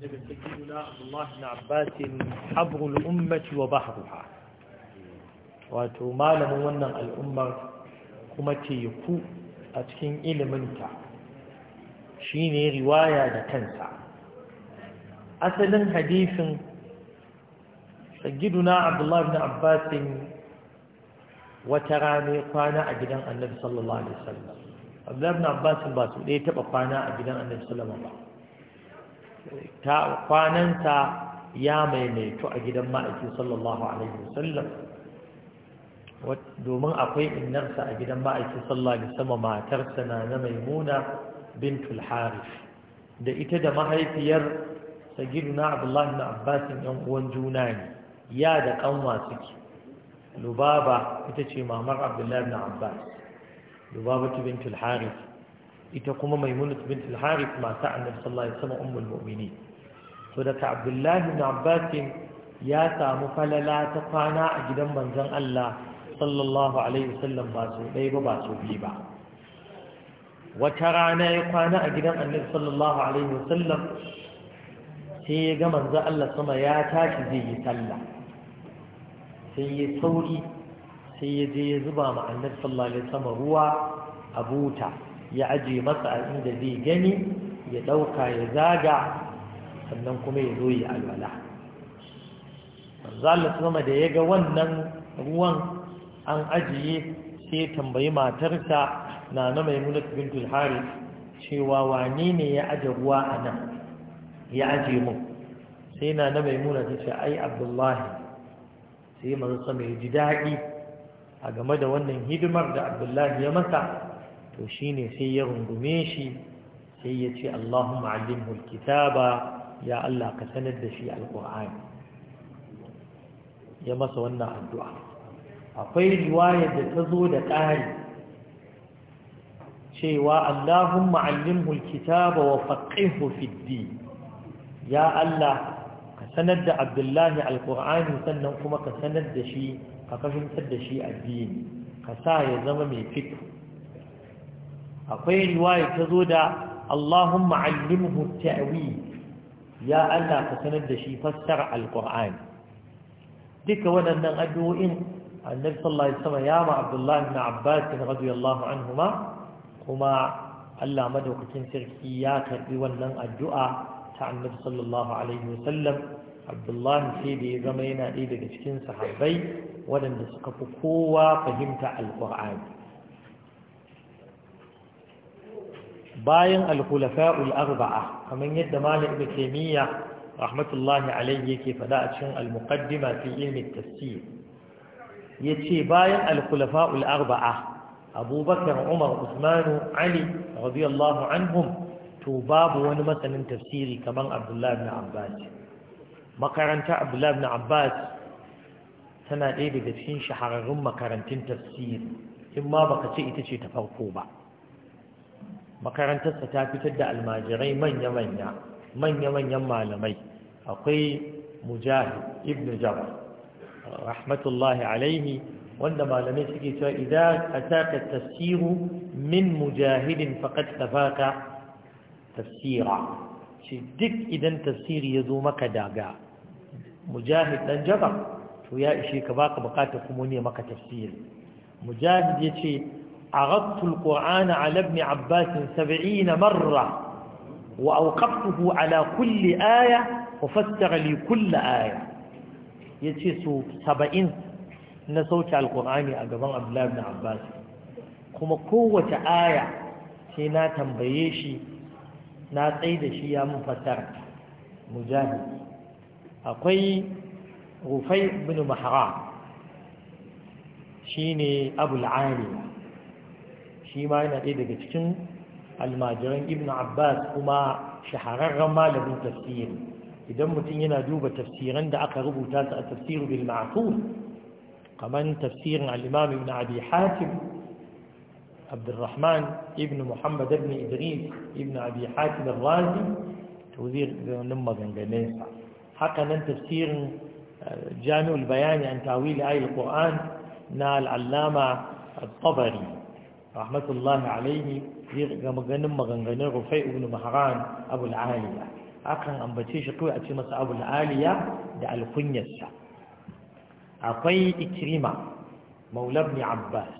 daga sayyiduna Abdullah ibn Abbas habrul ummati wa bahruha wato malamin wannan al'ummar kuma teku a cikin iliminta shine riwaya da kansa asalin hadisin sayyiduna Abdullah ibn Abbas wata rana kwana a gidan Annabi sallallahu alaihi wasallam Abdullah ibn Abbas ba su ɗaya taɓa kwana a gidan Annabi sallallahu alaihi wasallam ba ta kwananta ya maimaito a gidan ma'aiki sallallahu alaihi wasallam domin akwai innarsa a gidan ma'aiki sallallahu alaihi sama matarsa na na maimuna bintul harif da ita da mahaifiyar na abdullahi na abbasin yan uwan juna ne ya da kanwa suke lubaba ita ce mamar abdullahi na abbas lubaba bintul harif ita kuma maimunat bint al-harith mata annabi sallallahu alaihi wasallam ummul mu'minin to da abdullahi ibn abbas ya samu falala ta kwana a gidan manzon Allah sallallahu alaihi wasallam ba so dai ba ba so bi ba wata rana ya kwana a gidan annabi sallallahu alaihi wasallam sai ya ga manzon Allah sama ya tashi zai yi sallah sai ya sauri sai ya je ya zuba ma annabi sallallahu alaihi wasallam ruwa a buta ya ajiye masa a inda zai gani ya ɗauka ya zaga sannan kuma ya zo ya alwala manzalin sama da ya ga wannan ruwan an ajiye sai tambayi matarsa na na maimunat bintul harith cewa wane ne ya aje ruwa a nan ya ajiye mu sai na na maimuna ta ce ai abdullahi sai manzo sama ya ji daɗi a game da wannan hidimar da abdullahi ya masa to shine sai ya rungume shi sai ya ce Allahumma allimhu alkitaba ya Allah ka sanar da shi alqur'ani ya masa wannan addu'a akwai riwayar da ta zo da ƙari cewa Allahumma allimhu alkitaba wa faqihhu fiddi." ya Allah ka sanar da Abdullahi Alƙur'ani, sannan kuma ka sanar da shi ka fahimtar da shi addini ka sa ya zama mai fito. akwai riwaya ta zo da Allahumma allimhu ta'wil ya Allah ka sanar da shi fassara alqur'ani duka waɗannan addu'o'in annabi sallallahu alaihi wasallam ya ma Abdullah ibn Abbas radiyallahu anhuma kuma Allah madaukakin sarki ya karbi wannan addu'a ta annabi sallallahu alaihi wasallam Abdullah sai da ya zama yana ɗaya daga cikin sahabbai waɗanda suka fi kowa fahimta alqur'ani bayan al arba'a kamar yadda malam ibnu taymiya rahmatullahi alayhi yake fada a cikin al fi ilmi tafsir yace bayan al arba'a abubakar umar usman ali radiyallahu anhum to babu wani masanin tafsiri kamar abdullahi ibn abbas makaranta abdullahi ibn abbas tana ɗaya daga cikin shahararrun makarantun tafsiri in ma baka ce ita ce ta farko ba makarantarsa ta fitar da almajirai manya-manya manya-manyan malamai akwai mujahid ibn jabal rahmatullahi alaihi wanda malamai suke cewa idan ataka tafsiru min mujahidin faqad tafaka tafsira shi duk idan tafsiri ya zo maka daga mujahid dan jabal to ya ishe ka baka bukata kuma ne maka tafsiri mujahid yace عرضت القرآن على ابن عباس سبعين مرة وأوقفته على كل آية وفسر لي كل آية يتشيسو سبعين نسوت على القرآن أقبان عبد الله بن عباس كما قوة آية سينا تنبيشي na tsaye da shi ya mun fassara mujahid akwai rufai bin mahara shine abul aliya shi ma yana ɗaya daga cikin almajiran ibn abbas kuma shahararren malamin tafsiri idan mutum yana duba tafsiran da aka rubuta su a tafsiru bil ma'qul kaman tafsirin al-imam ibn abi hatim abdurrahman ibn muhammad ibn idris ibn abi hatim ar-razi tawzir nan maganganun sa haka nan tafsirin jami'ul bayani an tawil ayil qur'an na al-allama at-tabari rahmatullahi alaihi zai ga maganin maganganun rufai ibn mahran abu aliya akan ambace shi kawai a ce masa abu aliya da alkunyarsa akwai ikrima maula ibn abbas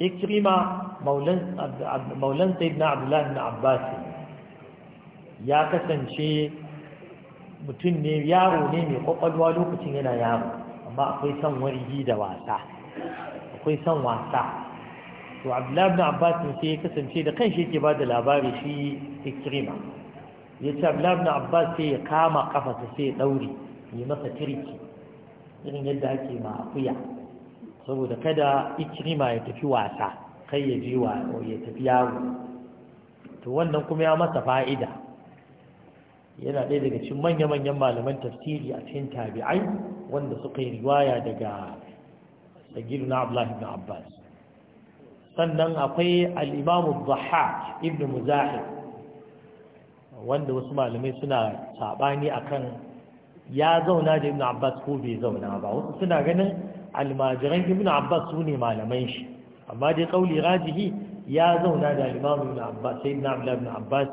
ikrima maulan maulan sayyidina abdullahi abbas ya kasance mutum ne yaro ne mai kwakwalwa lokacin yana yaro amma akwai son wargi da wasa akwai son wasa to abdullahi ibn abbas sai ya kasance da kanshi ke ba da labari shi ikrima ya ce abdullahi ibn abbas sai ya kama kafarsa sai ya daure yi masa tirki irin yadda ake ma akuya saboda kada ikrima ya tafi wasa kai ya je wa ya tafi yawo to wannan kuma ya masa fa'ida yana ɗaya daga cikin manya-manyan malaman tafsiri a cikin tabi'ai wanda suka yi riwaya daga sagiruna abdullahi ibn abbas sannan akwai al'imamu zaha ibn muzahir wanda wasu malamai suna saɓani akan ya zauna da ibn abbas ko bai zauna ba wasu suna ganin almajiran ibn abbas su ne malaman shi amma dai kauli rajihi ya zauna da al'imamu ibn abbas sai ibn abdullahi ibn abbas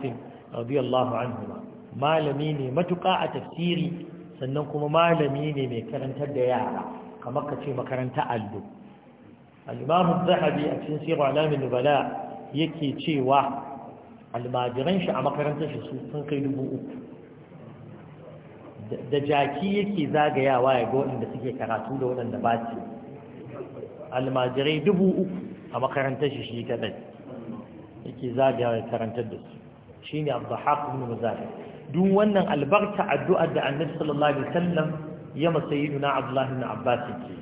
radiyallahu anhu malami ne matuƙa a tafsiri sannan kuma malami ne mai karantar da yara kamar ka ce makaranta allo al-imam zahabi a cikin sirru alamin bala yake cewa almajiran shi a makarantar shi sun kai dubu uku da jaki yake zagayawa ya ga waɗanda suke karatu da waɗanda ba ce almajirai dubu uku a makarantar shi shi kaɗai yake zagayawa ya karantar da su shi ne abu haƙin muzari duk wannan albarta addu'a da annabi sallallahu alaihi wasallam ya masayi nuna abdullahi na abbas ke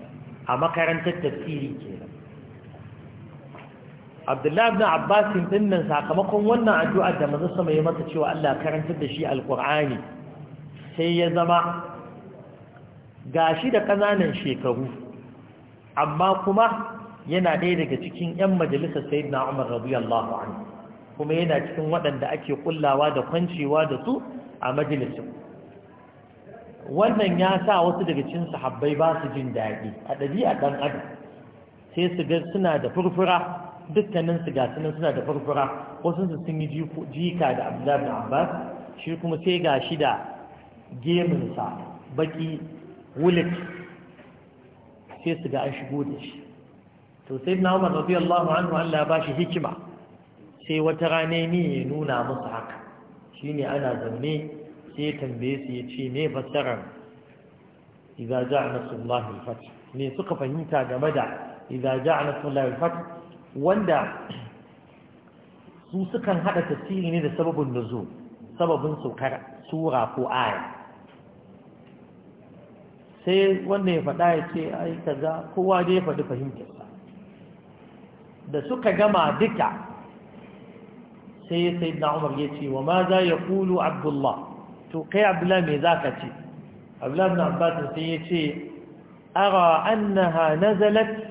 a makarantar tafsiri kenan abdullahi ibn abbas din sakamakon wannan addu'ar da manzo sama ya masa cewa Allah karantar da shi alqur'ani sai ya zama gashi da ƙananan shekaru amma kuma yana ɗaya daga cikin ƴan majalisar sayyidina Umar radiyallahu anhu kuma yana cikin waɗanda ake kullawa da kwancewa da su a majalisar. wannan ya sa wasu daga cikin sahabbai ba su jin daɗi a ɗabi'a ɗan adam sai su ga suna da furfura dukkanin su gasu nan suna da furfura wasu su sun yi jika da abdullahi bin abbas shi kuma sai ga shi da geminsa baki wulik sai su ga an shigo da shi to sai na umar radiyallahu anhu Allah ba shi hikima sai wata rana ne ya nuna musu haka Shi ne ana zanne sai ya tambaye su ya ce me fassarar idza ja'a nasu al-fath me suka fahimta game da idza ja'a nasu al-fath wanda su sukan haɗa tafsiri ne da sababin nuzul sababin saukar sura ko aya sai wanda ya faɗa ya ce ai kaza kowa dai ya faɗi fahimtarsa da suka gama duka sai ya sayi na umar ya ce wa ma za ya kulu abdullah to kai abdullah mai za ka ce abdullah na abbasin sai ya ce ara annaha nazalat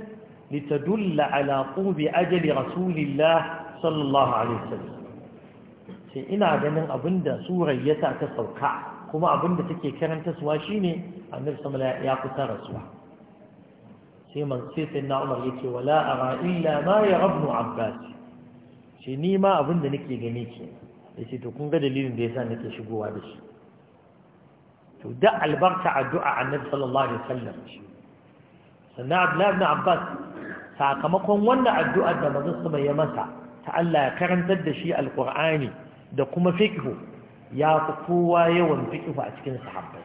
لتدل على طوب أجل رسول الله صلى الله عليه وسلم sai ina ganin abinda surar ya sa ta sauka kuma abinda take karanta suwa shine annabi sama ya kusa rasuwa sai man na Umar yace wala ara illa ma rabnu abbas shi ni ma abinda nake gani ke yace to kun ga dalilin da yasa nake shigowa da shi to da albarka addu'a annabi alaihi Abbas sakamakon wannan addu'ar da manzon ya masa ta Allah ya karantar da shi Alƙur'ani da kuma fikhu ya fi kowa yawan fikihu a cikin sahabbai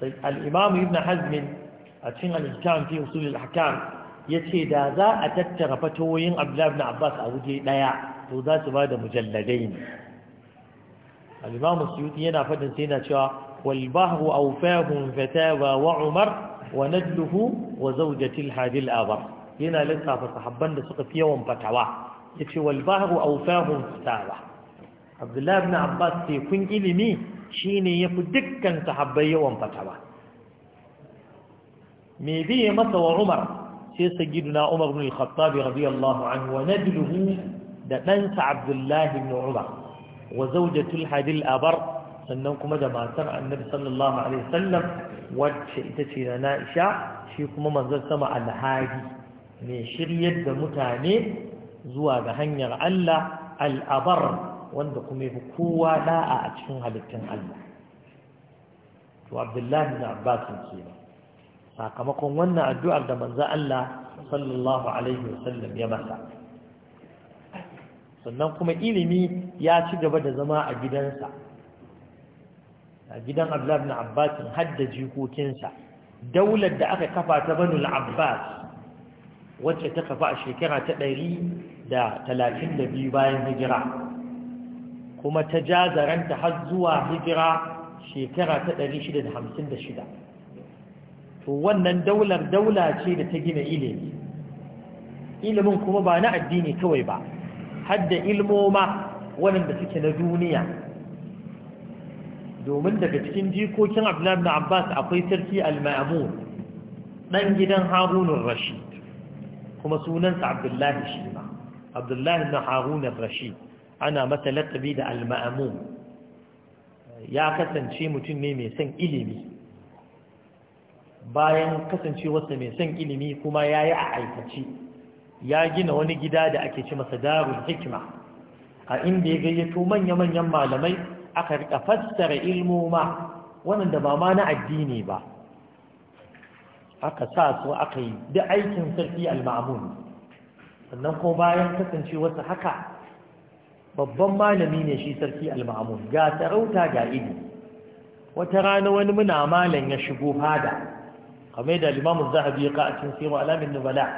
sai al ibn a cikin al-ihkam fi usul al ya ce da za a tattara fatoyin Abdullahi ibn Abbas a waje daya to za su bada mujalladai ne al-imam Suyuti yana faɗin sai yana cewa wal bahru awfahum fatawa wa umar wa nadluhu wa zawjatil hadil abar yana lissafa sahabban da suka fi yawan fatawa yace wal bahru awfahum fatawa Abdullah ibn Abbas tekun ilimi shine yafi dukkan sahabbai yawan fatawa me biye masa wa Umar sai sayyiduna Umar ibn al-Khattab radiyallahu anhu wa nadluhu da ɗansa Abdullah ibn Umar wa zawjatul abar sannan kuma da matar annabi sallallahu alaihi wasallam wacce ita ce na na'isha shi kuma manzon sama alhadi mai shiryar da mutane zuwa ga hanyar Allah al'abar wanda kuma yafi kowa da'a a cikin halittun Allah to abdullahi na abbasin kenan sakamakon wannan addu'ar da manzon Allah sallallahu alaihi wasallam ya masa sannan kuma ilimi ya ci gaba da zama a gidansa a gidan abdullahi ibn abbas hadda jikokinsa daular da aka kafa ta banu al-abbas wacce ta kafa a shekara ta ɗari da talatin da biyu bayan hijira kuma ta jazaranta har zuwa hijira shekara ta ɗari shida da hamsin da shida to wannan daular daula ce da ta gina ilimi ilimin kuma ba na addini kawai ba hadda ilmoma waɗanda suke na duniya domin daga cikin jikokin abdullahi ibn abbas akwai sarki al maamun dan gidan Harunan rashid kuma sunansa abdullahi shi ma abdullahi na harunur rashid ana masa laqabi da al maamun ya kasance mutum ne mai son ilimi bayan kasancewarsa mai son ilimi kuma ya yi a aikace ya gina wani gida da ake ci masa darun hikima a inda ya gayyato manya-manyan malamai aka rika fassara ilmoma waɗanda ba ma na addini ba aka sa su aka yi da aikin sarki al-ma'mun sannan ko bayan kasance wasu haka babban malami ne shi sarki al-ma'mun ga sarauta ga ido wata rana wani muna malan ya shigo fada kamar da limamu zahabi ya ka'acin sirwa alamin nubala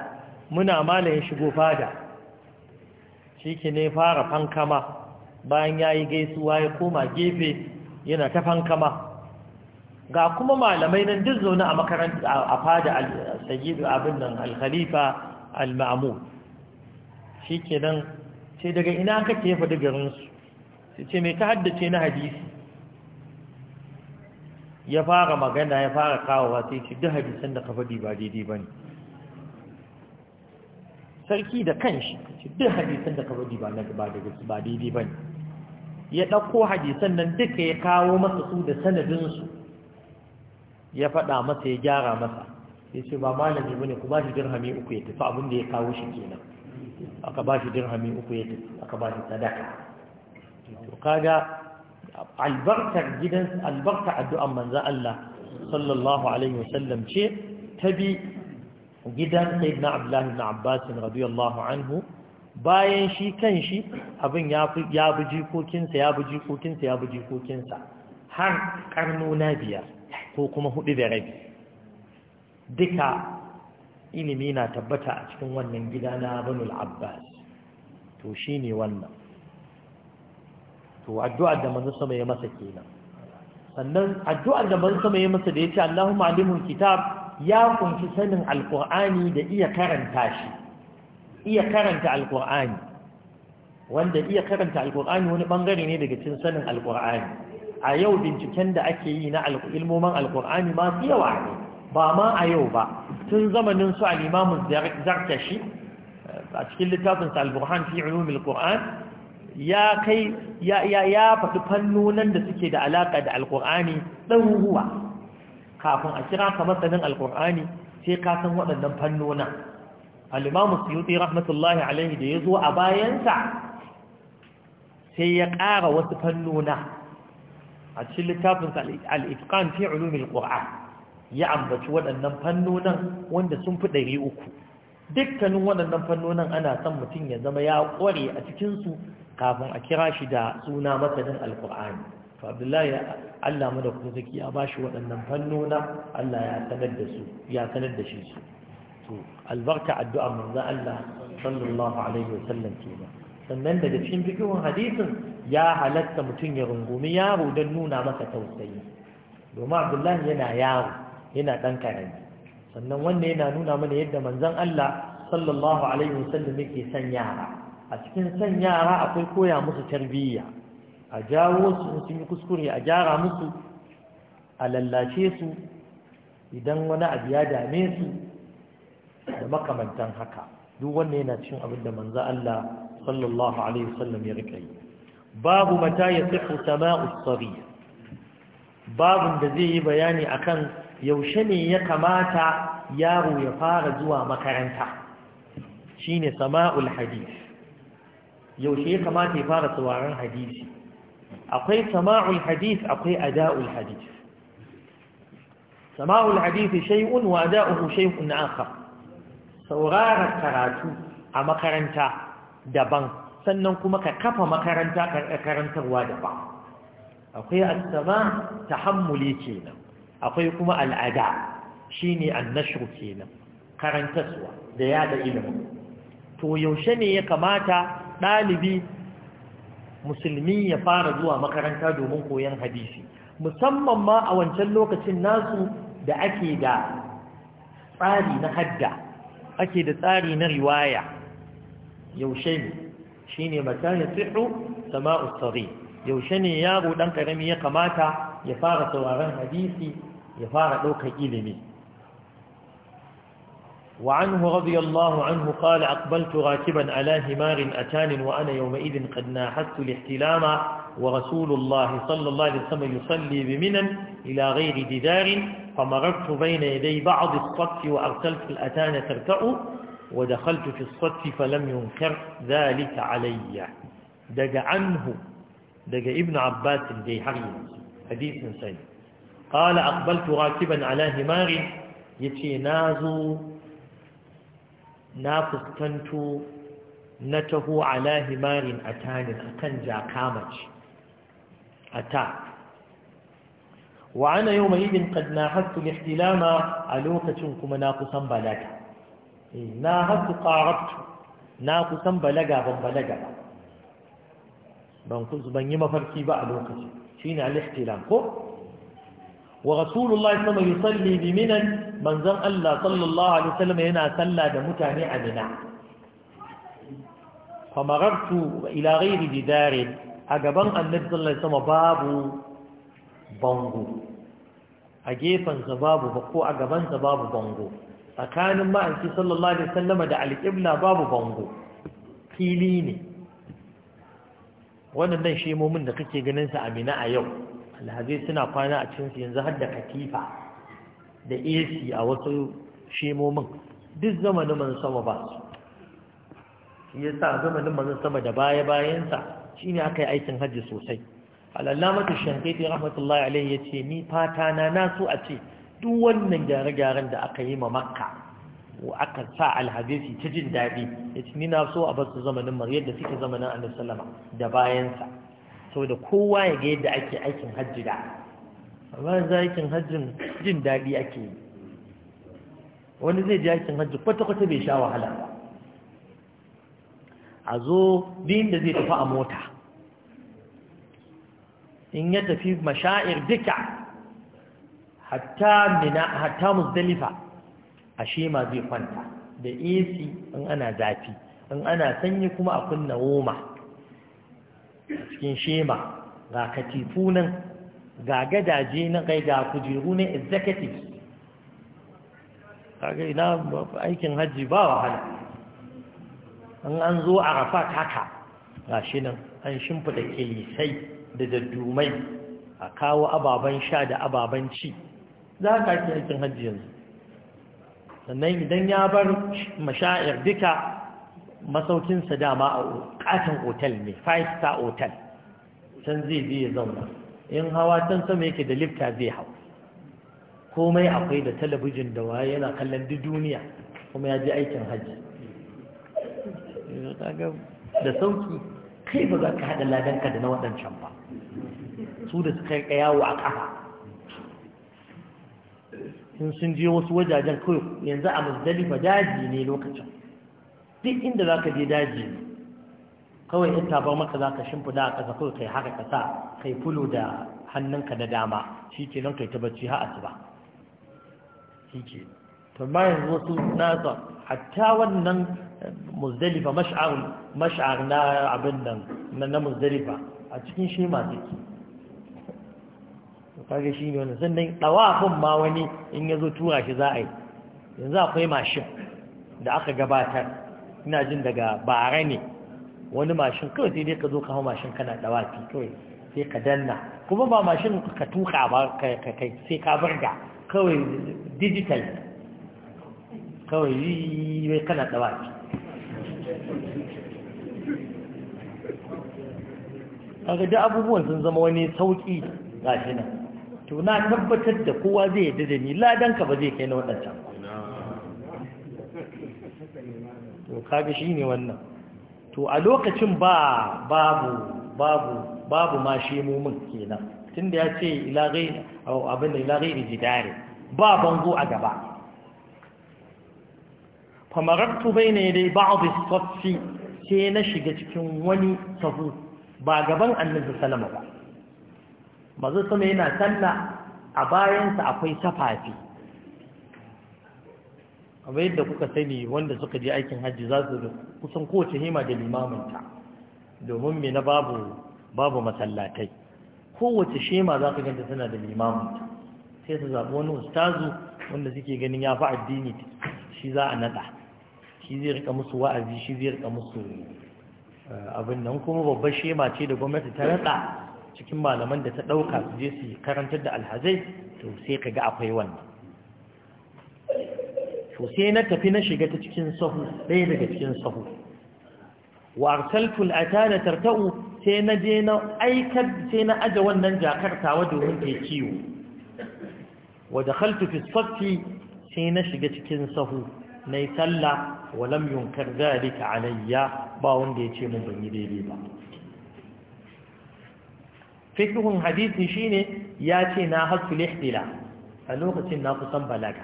muna malan ya shigo fada shi ne fara fankama bayan ya yi gaisuwa ya koma gefe yana ta fankama ga kuma malamai nan duk zaune a makaranta a fada sayyidu abin nan al khalifa al ke shikenan sai daga ina kake ya faɗi garin su ce me ta haddace na hadisi ya fara magana ya fara kawowa sai ce duk hadisan da ka faɗi ba daidai ba ne sarki da kanshi ce duk hadisan da ka faɗi ba daidai ba ne ya ɗauko hadisan nan duka ya kawo masa su da sanadinsu ya faɗa masa ya gyara masa ya ce ba malami bane ku ba shi dirhami uku ya tafi abin da ya kawo shi kenan aka ba shi dirhami uku ya tafi aka ba shi sadaka to kaga albarkar gidan albarkar addu'an manzon Allah sallallahu alaihi wasallam ce tabi gidan sayyidina Abdullah ibn Abbas radiyallahu anhu bayan shi kan shi abin ya bi jikokinsa ya bi jikokinsa ya bi jikokinsa har na biyar ko kuma hudu da rabi duka ilimi na tabbata a cikin wannan gida na banul abbas to shi ne wannan to addu'ar da manzo sama ya masa kenan sannan addu'ar da manzo sama ya masa da ya ce Allahumma alimul kitab ya kunshi sanin alqur'ani da iya karanta shi iya karanta alkur'ani wanda iya karanta alkur'ani wani bangare ne daga cin sanin alkur'ani a yau binciken da ake yi na ilmoman alkur'ani masu yawa ne ba ma a yau ba tun zamanin su al'imamu zarkashi a cikin littafin al-burhan fi ulumil qur'an ya kai ya ya fannonan da suke da alaka da Alƙur'ani dan kafin a kira ka masanin Alƙur'ani sai ka san waɗannan fannonan Alimamu imam rahmatullahi alaihi da zo a bayansa sai ya ƙara wasu fannona a cikin littafinsa al fi ulumil ƙur'a ya ambaci waɗannan fannonan wanda sun fi ɗari uku dukkanin waɗannan fannonan ana son mutum ya zama ya ƙware a cikinsu kafin a kira shi da suna masanin alƙur'ani to abdullahi allah mu da kuma zaki ya bashi waɗannan fannona allah ya sanar da shisu. su albarka addu'a manzon Allah sallallahu alaihi wasallam kenan sannan daga cikin fikihun hadisin ya halatta mutum ya rungumi yaro don nuna masa tausayi domin abdullahi yana yaro yana ɗan karami sannan wannan yana nuna mana yadda manzon Allah sallallahu alaihi wasallam yake son yara a cikin son yara akwai koya musu tarbiyya a jawo su sun yi kuskure a gyara musu a lallace su idan wani abu ya dame su da makamantan haka duk wanne yana cin abin da manzo Allah sallallahu alaihi wasallam ya rika yi babu mata ya sihu sama'u sariya babun da zai yi bayani akan yaushe ne ya kamata yaro ya fara zuwa makaranta shine sama'ul hadith yaushe ya kamata ya fara sauraron hadisi akwai sama'ul hadith akwai ada'ul hadith sama'ul hadith shay'un wa ada'uhu shay'un akhar sauraron karatu a makaranta daban sannan kuma ka kafa makaranta karantarwa daban akwai asama tahammuli kenan akwai kuma al'ada shi ne annashru kenan karantarwa da yada ilimi to yaushe ne ya kamata ɗalibi musulmi ya fara zuwa makaranta domin koyon hadisi musamman ma a wancan lokacin nasu da ake da tsari na hadda ake da tsari na riwaya yaushe ne shine mata ya sihu sama'u sari yaushe ne yaro ɗan ƙarami ya kamata ya fara sauraron hadisi ya fara ɗaukar ilimi وعنه رضي الله عنه قال أقبلت راكبا على همار أتان وأنا يومئذ قد ناحست الاحتلام ورسول الله صلى الله عليه وسلم يصلي بمنا إلى غير جدار فمررت بين يدي بعض الصف وأرسلت الأتان ترتأ ودخلت في الصف فلم ينكر ذلك علي دق عنه دق ابن عباس الديهري حديث سيد قال أقبلت راكبا على هماري يتي نازو نافستنت نته على همار أتان أتن جاكامج أتان wa ana yau mai idin kad na hattu lihtilama a lokacin kuma na kusan balaga na hattu ƙarabtu na kusan balaga ban balaga ban yi mafarki ba a lokacin shi ne alihtilam ko ورسول الله صلى الله عليه وسلم يصلي بمنا من زن الله صلى الله عليه وسلم هنا صلى دمتاني عمنا فمررت إلى غير a gaban النبي صلى الله عليه وسلم bango a gefensa babu bako a gabansa babu bango tsakanin ma'aiki sallallahu alaihi wasallama da alƙibla babu bango fili ne Wannan shi shemomin da kake ganin sa amina a yau alhaji suna kwana a cikinsu yanzu har da katifa da ac a wasu shemomin duk zamanin man sama ba su shi yasa zamanin man sama da baya bayansa shine aka yi aikin hajji sosai al'allamatu shankiti rahmatullahi alaihi ya ce ni fata na nasu a ce duk wannan gyare-gyaren da aka yi ma makka aka sa alhadisi ta jin daɗi ya ce ni na so a basu zamanin mar yadda suke zamanin annabi da bayansa sau da kowa ya ga yadda ake aikin hajji da amma yanzu aikin hajjin jin daɗi ake yi wani zai ji aikin hajji kwata-kwata bai sha wahala ba a zo biyun da zai tafi a mota in ya tafi masha'ir duka hatta mina hatta a shema zai kwanta da AC in ana zafi in ana sanyi kuma a kunna woma cikin shema ga katifu nan ga gadaje na kai ga kujeru na executive gai na aikin hajji ba wahala in an zo a rafa haka ga shi nan an shimfida kilisai da daddumai a kawo ababen sha da ababen ci za ka ake aikin hajji yanzu sannan idan ya bar mashayar duka masaukinsa dama a katon otal ne five star otal can zai zai zauna in hawa can sama yake da lifta zai hau komai akwai da talabijin da waye yana kallon duk duniya kuma ya je aikin hajji da sauki kai ba za ka haɗa ladanka da na waɗancan ba su da suka rika yawo a ƙafa in sun je wasu wajajen kawai yanzu a muzdalifa daji ne lokacin duk inda za ka je daji ne kawai in tabar maka za ka shimfida a ƙasa kawai kai haka ƙasa kai fulo da hannunka na dama shi ke nan kai ta bacci ha asuba shi ke to ma yanzu wasu nasa hatta wannan muzdalifa mash'ar na abin nan na muzdalifa a cikin shi masu take kaga shi ne wannan sannan ɗawafin ma wani in ya zo tura shi za a yi yanzu akwai mashin da aka gabatar ina jin daga bara ne wani mashin kawai sai dai ka zo ka hau mashin kana ɗawafi kawai sai ka danna kuma ba mashin ka tuka ba sai ka burga kawai digital kawai yi mai kana ɗawafi kaga duk abubuwan sun zama wani sauƙi shi nan to na tabbatar da kowa zai yadda da ni ladan ka ba zai kai na waɗancan to kaga shi ne wannan to a lokacin ba babu babu babu ma shi mumin kenan tunda ya ce ilagai abin da ilagai jidare ba bango a gaba famarattu bai ne dai ba'adu sassi sai na shiga cikin wani sahu ba gaban annabi salama ba mazu sama yana sallah a bayansa akwai safafi Kuma yadda kuka sani wanda suka je aikin hajji za su kusan kowace hima da limaminta domin me na babu babu masallatai kowace shema za ka ganta suna da limaminta sai su zaɓi wani ustazu wanda suke ganin ya fi addini shi za a naɗa shi zai rika musu wa'azi shi zai rika musu eh, abin nan kuma babbar shema ce da gwamnati ta naɗa cikin malaman da ta ɗauka su je su karantar da alhazai to sai ka ga akwai wannan to sai na tafi na shiga ta cikin sahu ɗaya daga cikin sahu wa arsaltul atana tarta'u sai na je na aikar sai na aje wannan jakar tawa domin ta kiwo wa dakhaltu fi sai na shiga cikin sahu nayi sallah wa lam yunkar zalika alayya ba wanda ya ce mun ban yi daidai ba fikihun hadisi shine ya ce na hasu lihdila a lokacin na kusan balaga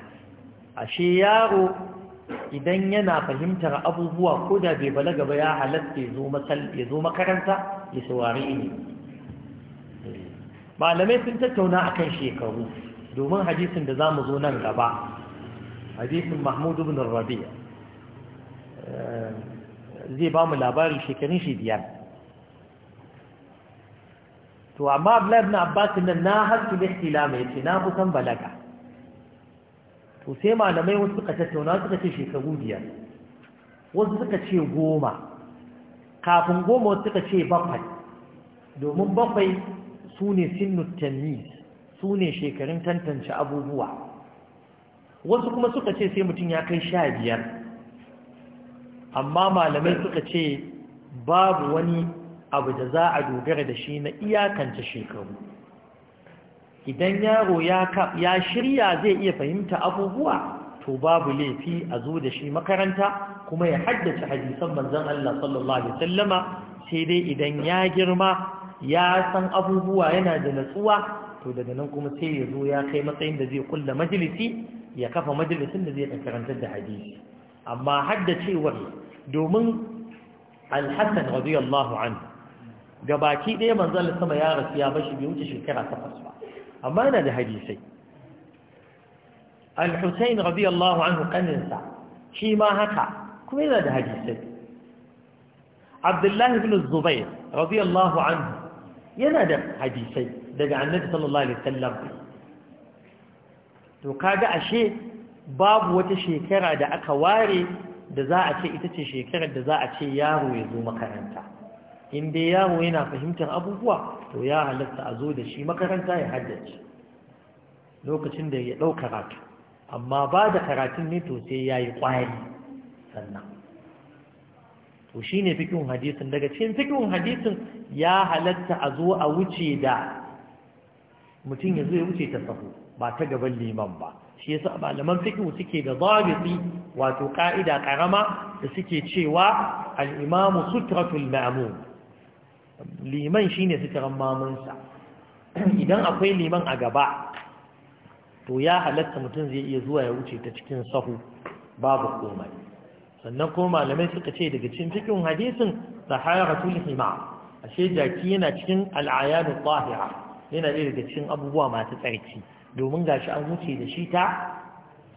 ashe yaro idan yana fahimtar abubuwa ko da bai balaga ba ya halatta ya zo makaranta ya saurari ne malamai sun tattauna akan shekaru domin hadisin da za mu zo nan gaba hadisin mahmud ibn rabi'a eh, zai ba mu labarin shekarun shi biyar to amma Abdullahi ibn Abbas nan na hakki da mai yace na kusan balaga to sai malamai wasu suka tattauna suka ce shekaru biyar wasu suka ce goma kafin goma wasu suka ce bakwai domin bakwai su ne sinnu tamiz su shekarun tantance abubuwa wasu kuma suka ce sai mutum ya kai sha biyar amma malamai suka ce babu wani abu da za a dogara da shi na iyakanta shekaru idan yaro ya shirya zai iya fahimta abubuwa to babu laifi a zo da shi makaranta kuma ya haddace hadisan manzon Allah sallallahu alaihi wasallama sai dai idan ya girma ya san abubuwa yana da natsuwa to daga nan kuma sai ya zo ya kai matsayin da zai kulla majalisi ya kafa majalisin da zai karantar da hadisi amma haddacewar domin Alhassan hasan radiyallahu anhu gabaki ɗaya manzon sama ya rasu ya bashi bai wuce shekara takwas ba amma yana da hadisai al-Husayn allahu anhu kaninsa shi ma haka kuma yana da hadisai Abdullahi ibn Zubair allahu anhu yana da hadisai daga Annabi sallallahu alaihi sallam to kaga ashe babu wata shekara da aka ware da za a ce ita ce shekarar da za a ce yaro ya zo makaranta in dai yaro yana fahimtar abubuwa to ya halatta a zo da shi makaranta ya haddace lokacin da ya ɗau karatu amma ba da karatun ne to sai ya yi ƙwari sannan to shi ne fikin hadisun daga cikin fikin hadisun ya halatta a zo a wuce da mutum ya zo ya wuce ta sahu ba ta gaban liman ba shi yasa malaman fikin suke da zabiti wato ka'ida karama da suke cewa al-imamu sutratul ma'mum liman shine suturan mamunsa idan akwai liman a gaba to ya halatta mutum zai iya zuwa ya wuce ta cikin sahu babu komai sannan kuma malamai suka ce daga cikin cikin hadisin saharatul hima ashe jaki yana cikin al'ayanu tsahira yana ɗaya daga cikin abubuwa masu tsarki domin gashi an wuce da shi ta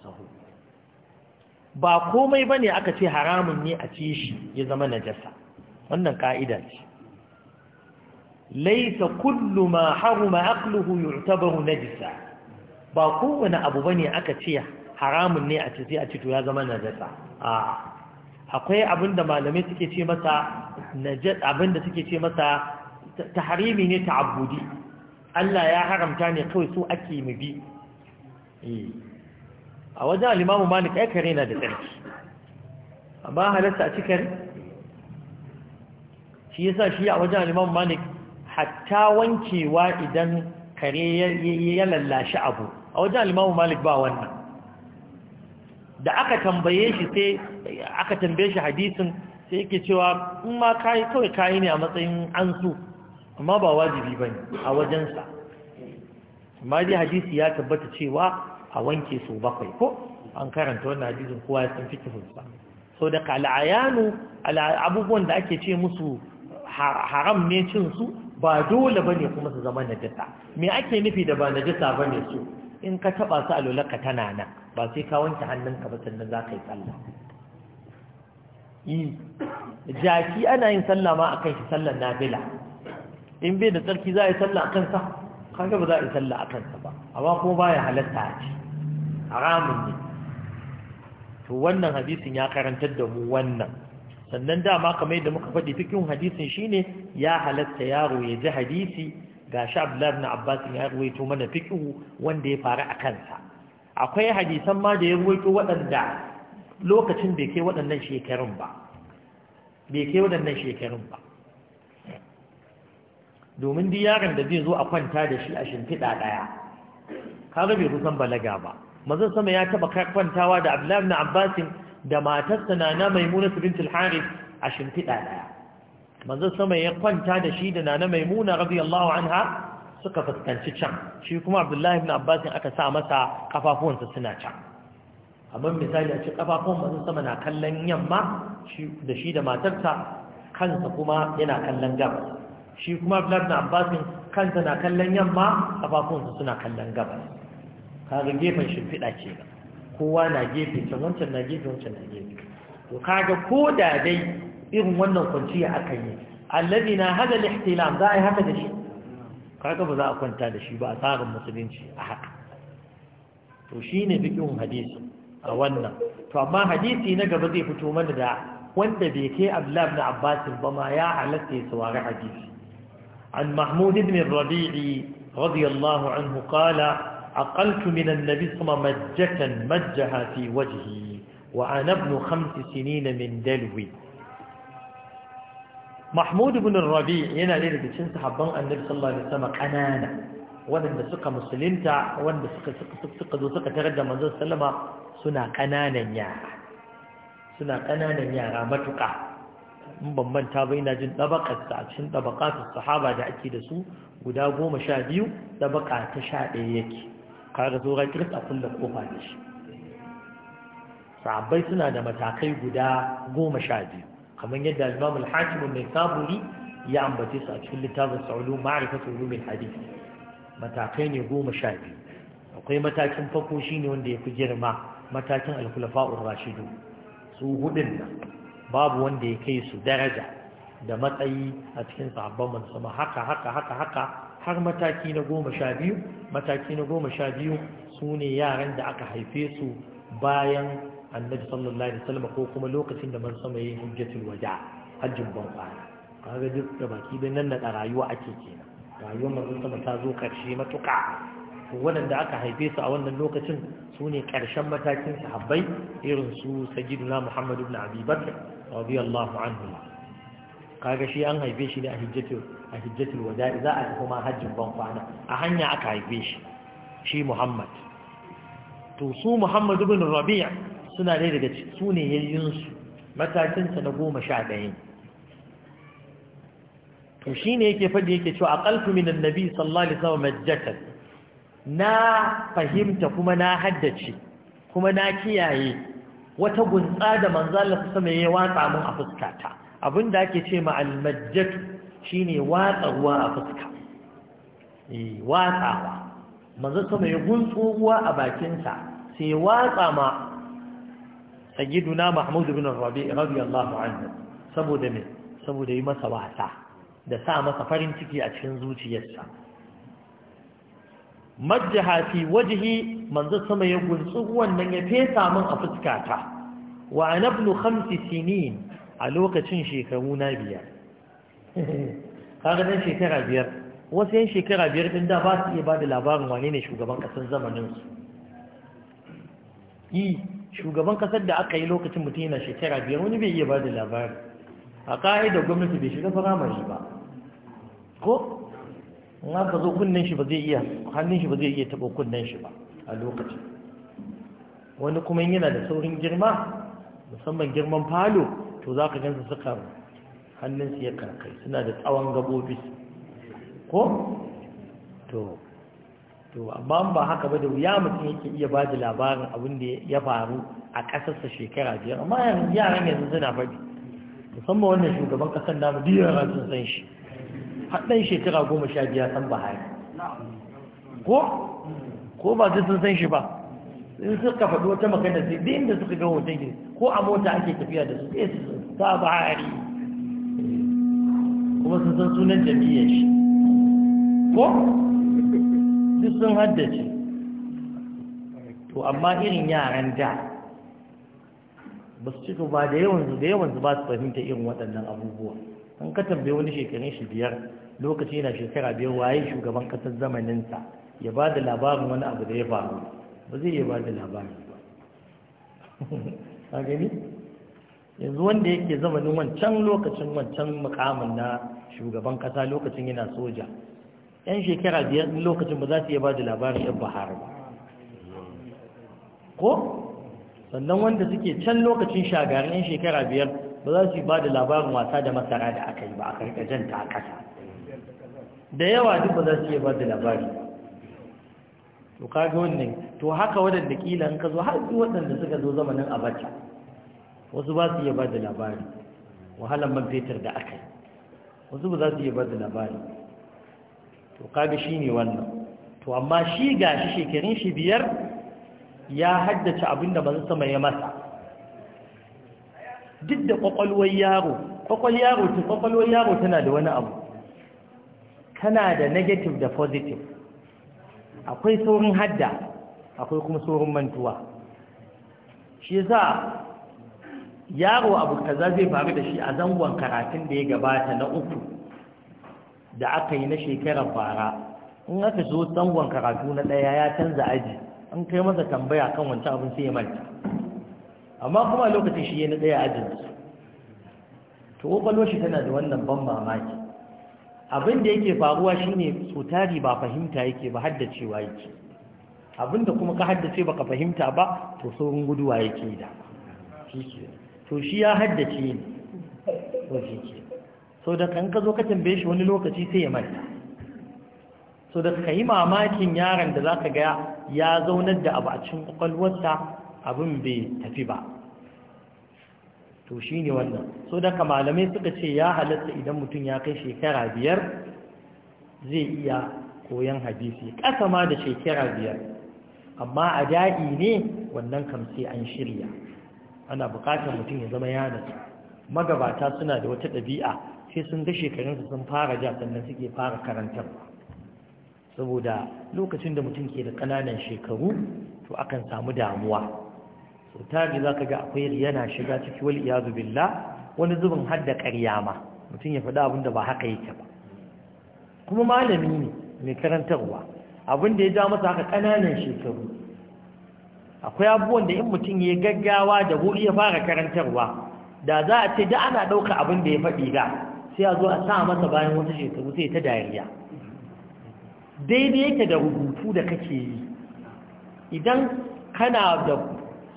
sahu ba komai ba ne aka ce haramun ne a ci shi ya zama najasa wannan ka'ida ce laisa kullu ma haruma aqluhu yu'tabaru najisa ba kowane abu bane aka ce haramun ne a ce a ce ya zama najasa a akwai abinda malamai suke ce abinda suke ce masa tahrimi ne ta'abbudi Allah ya haramta ne kawai su ake mu bi eh. a wajen al Malik kare na da tsarki amma halatta a cikin shi yasa shi a wajen al Malik hatta wankewa idan kare ya lallashi abu a wajen alimamu malik ba wannan da aka tambaye shi sai aka tambaye shi hadisin sai yake cewa in ma kayi kawai kayi ne a matsayin an su amma ba wajibi ba ne a wajensa amma dai hadisi ya tabbata cewa a wanke su bakwai ko an karanta wannan hadisin kowa ya san ba. sau da al'ayanu abubuwan da ake ce musu haram ne cin su ba dole ba ne kuma su zama najasa me ake nufi da ba najasa ne su in ka taba su a lulaka tana nan ba sai ka wanke hannunka ba sannan za ka yi tsalla. yi jaki ana yin sallah ma akan shi sallar Nabila. in bai da tsarki za a yi sallah akan sa kaga ba za a yi sallah a kansa ba amma kuma baya halatta a ci haramun ne to wannan hadisin ya karantar da mu wannan sannan dama kamar yadda muka faɗi cikin hadisin shine ya halatta yaro ya ji hadisi ga shi Abdullahi ibn Abbas ya ruwaito mana fiqhu wanda ya faru a kansa akwai hadisan ma da ya ruwaito waɗanda lokacin bai kai waɗannan shekarun ba bai kai waɗannan shekarun ba domin duk yaron da zai zo a kwanta da shi a shimfiɗa ɗaya kaga bai kusan balaga ba mazan sama ya taɓa kwantawa da Abdullahi ibn Abbas da matarsa nana maimuna su al-harith a shimfiɗa ɗaya manzon sama ya kwanta da shi da nana maimuna radiyallahu anha suka fuskanci can shi kuma abdullahi ibn abbas aka sa masa kafafuwansa suna can amma misali a ce kafafuwan manzon sama na kallon yamma da shi da matarsa kansa kuma yana kallon gaba shi kuma abdullahi ibn abbas kansa na kallon yamma kafafuwansa suna kallon Ka kaga gefen shimfiɗa ce ba kowa na gefe can wancan na gefe wancan na gefe to kaga ko da dai irin wannan kwanciya aka yi allazi na hada lihtilam za a yi haka da shi kaga ba za a kwanta da shi ba a tsarin musulunci a haka to shine fiqhun hadisi a wannan to amma hadisi na gaba zai fito mana da wanda bai kai Abdullah ibn Abbas ba ma ya halatta ya sawari hadisi an Mahmud ibn Rabi'i radiyallahu anhu kala. أقلت من النبي صلى الله عليه وسلم مجة مجها في وجهي وأنا ابن خمس سنين من دلوي محمود بن الربيع ينا ليلة تشين صحبان النبي صلى الله عليه وسلم قنانا وأن سقى مسلمتا وأن سقى سقى سقى سقى سقى سقى تغدى من ذو سلم سنة قنانا يارا سنة قنانا يارا متقى mabambanta bai na jin ɗabakarsa a cikin ɗabakatun sahaba da ake da su guda goma sha biyu ɗabaka ta sha ɗaya yake kaga sauran kiris a kulle kofa da shi sahabbai suna da matakai guda goma sha biyu kamar yadda al-imam al-hakim mai saburi ya ambace su a cikin littafin sa'ulu ma'rifatu mai hadith matakai ne goma sha biyu akwai matakin farko shine wanda ya fi girma matakin al-khulafa'ur rashidu su hudun nan babu wanda ya kai su daraja da matsayi a cikin sahabban manzo haka haka haka haka har mataki na goma sha biyu mataki na goma sha biyu su ne yaran da aka haife su bayan annabi sallallahu alaihi wasallam ko kuma lokacin da man sama yayin hujjatul wada hajjin ban kwana kaga duk da baki da nan da rayuwa ake kenan rayuwar manzon sama ta zo karshe matuka waɗanda aka haife su a wannan lokacin su ne ƙarshen matakin sahabbai irin su sayyiduna muhammadu ibn abi bakr radiyallahu anhu kaga shi an haife shi ne a hijjatul a hijjatul wada'i za a kuma ma hajjin ban kwana a hanya aka haife shi shi Muhammad to su Muhammad ibn Rabi' suna ne daga su ne yayin su matakin sa na 11 to shine yake fadi yake cewa aqaltu min annabi sallallahu alaihi wasallam majjatan na fahimta kuma na haddace kuma na kiyaye wata gunsa da manzo Allah sama ya watsa mun a fuskata abin da ake ce ma'almajjatu shi ne watsa ruwa a fuska eh, watsawa manzo sama ya guntso ruwa a bakinsa sai ya watsa ma sayyiduna mahmud bin rabi radiyallahu anhu saboda me saboda yi masa wasa da sa masa farin ciki a cikin zuciyarsa majjaha fi wajhi manzo sama ya guntso ruwan nan ya fesa min a fuskata wa ana ibn khamsi sinin a lokacin shekaru na biyar kaganin shekara biyar wasu yan shekara biyar ɗin da ba su iya ba da labarin wane ne shugaban ƙasar zamaninsu yi shugaban ƙasar da aka yi lokacin mutum yana shekara biyar wani bai iya ba da labarin. a ƙa'idar gwamnati bai shiga firamare ba ko na ka zo kunnen shi ba zai iya hannun shi ba zai iya taɓa kunnen shi ba a lokacin wani kuma yana da saurin girma musamman girman falo to za ka gansa suka hannunsu ya karkai suna da tsawon gabobi ko to to amma ba haka ba da wuya mutum yake iya ba da labarin abin da ya faru a ƙasarsa shekara biyar amma yaran yanzu suna faɗi musamman wannan shugaban ƙasar namu duk yara sun san shi haɗin shekara goma sha biyar san bahari ko ko ba su sun san shi ba in suka faɗi wata makarantar sai da inda suka ga hoton ko a mota ake tafiya da su sai su kuma sun san sunan jami'a shi ko duk sun haddace to amma irin yaran da ba su cika ba da yawansu da yawansu ba su fahimta irin waɗannan abubuwa an ka tambaye wani shekarun shi biyar lokaci yana shekara biyar waye shugaban ƙasar zamaninsa ya ba da labarin wani abu da ya faru ba zai iya ba da labarin ba a gani yanzu wanda yake zamanin wancan lokacin wancan mukamin na shugaban kasa lokacin yana soja yan shekara biyar lokacin ba za su iya ba da labarin yan bahar ba ko sannan wanda suke can lokacin shagarin yan shekara biyar ba za su ba da labarin wasa da masara da aka yi ba a karkajen ta a kasa da yawa duk ba za su iya ba da labari to kaga wannan to haka waɗanda kila in ka zo har waɗanda suka zo zamanin abacha wasu ba su iya ba da labari wahalar man fetur da aka yi wasu ba za su iya ba da labari to kaga shi ne wannan to amma shi ga shi shekarun shi biyar ya haddace abin da sama ya masa duk da kwakwalwar yaro kwakwal yaro ta kwakwalwar yaro tana da wani abu tana da negative da positive akwai saurin hadda akwai kuma saurin mantuwa shi za yaro abu kaza zai faru da shi a zangon karatun da ya gabata na uku da aka yi na shekarar fara in aka zo zangon karatu na ɗaya ya canza aji an kai masa tambaya kan wancan abin sai ya manta amma kuma lokacin shi ya na ɗaya ajin to ƙwaƙwalwar shi tana da wannan ban mamaki abin da yake faruwa shine tsotari ba fahimta yake ba haddacewa yake abin da kuma ka haddace baka fahimta ba to saurin guduwa yake da shi to shi ya haddace ni waje ke so da kan ka zo ka tambaye shi wani lokaci sai ya manta so da ka yi mamakin yaron da za ka ga ya zaunar da abu a cikin kwakwalwarsa abin bai tafi ba to shi ne wannan so da malamai suka ce ya halatta idan mutum ya kai shekara biyar zai iya koyon hadisi ƙasa ma da shekara biyar amma a da'i ne wannan kam sai an shirya ana buƙatar mutum ya zama yana magabata suna da wata ɗabi'a sai sun ga shekarunsa sun fara ja sannan suke fara karantar saboda lokacin da mutum ke da ƙananan shekaru to akan samu damuwa so ji za ka ga akwai yana shiga ciki wal iyazu billah wani zubin har da ƙarya ma mutum ya faɗa abin da ba haka yake ba kuma malami ne mai karantarwa abin da ya ja masa haka ƙananan shekaru akwai abubuwan da in mutum ya gaggawa da wuri ya fara karantarwa da za a ce da ana ɗauka abin da ya faɗi ga sai a zo a sa masa bayan wata shekaru sai ta dariya daidai yake da rubutu da kake yi idan kana da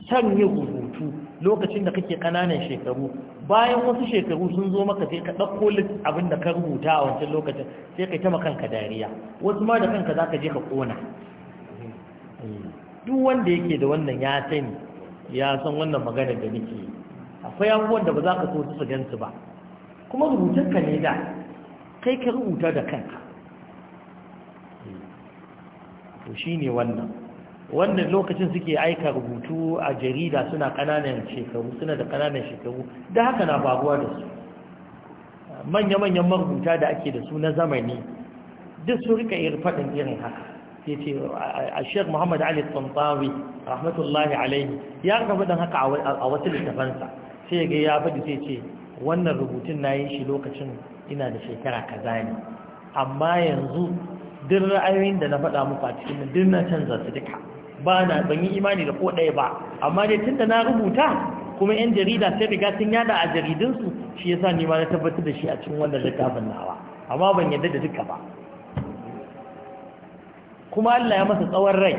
son yin rubutu lokacin da kake ƙananan shekaru bayan wasu shekaru sun zo maka sai ka ɗauko abin da ka rubuta a wancan lokacin sai ka yi ta makanka dariya wasu ma da kanka za ka je ka ƙona eh. duk wanda yake da wannan ya sani ya san wannan magana da nake akwai abubuwan da ba za ka so su gansu ba kuma rubutunka ne da kai ka rubuta da kanka to shine wannan wannan lokacin suke aika rubutu a jarida suna kananan shekaru suna da kananan shekaru da haka na faruwa da su manya-manyan marubuta da ake da su na zamani duk su rika irin faɗin irin haka A Sheikh Muhammad Ali Tantawi rahmatullahi alaihi ya gaba dan haka a wata littafansa sai ga ya fadi sai ce wannan rubutun nayi shi lokacin ina da shekara kaza ne amma yanzu duk ra'ayoyin da na faɗa muku a cikin duk na canza su duka ba na ban yi imani da ko ɗaya ba amma dai tunda na rubuta kuma yan jarida sai riga sun yada a jaridunsu shi yasa ni ma na tabbatar da shi a cikin wannan littafin nawa amma ban yadda da duka ba kuma Allah ya masa tsawon rai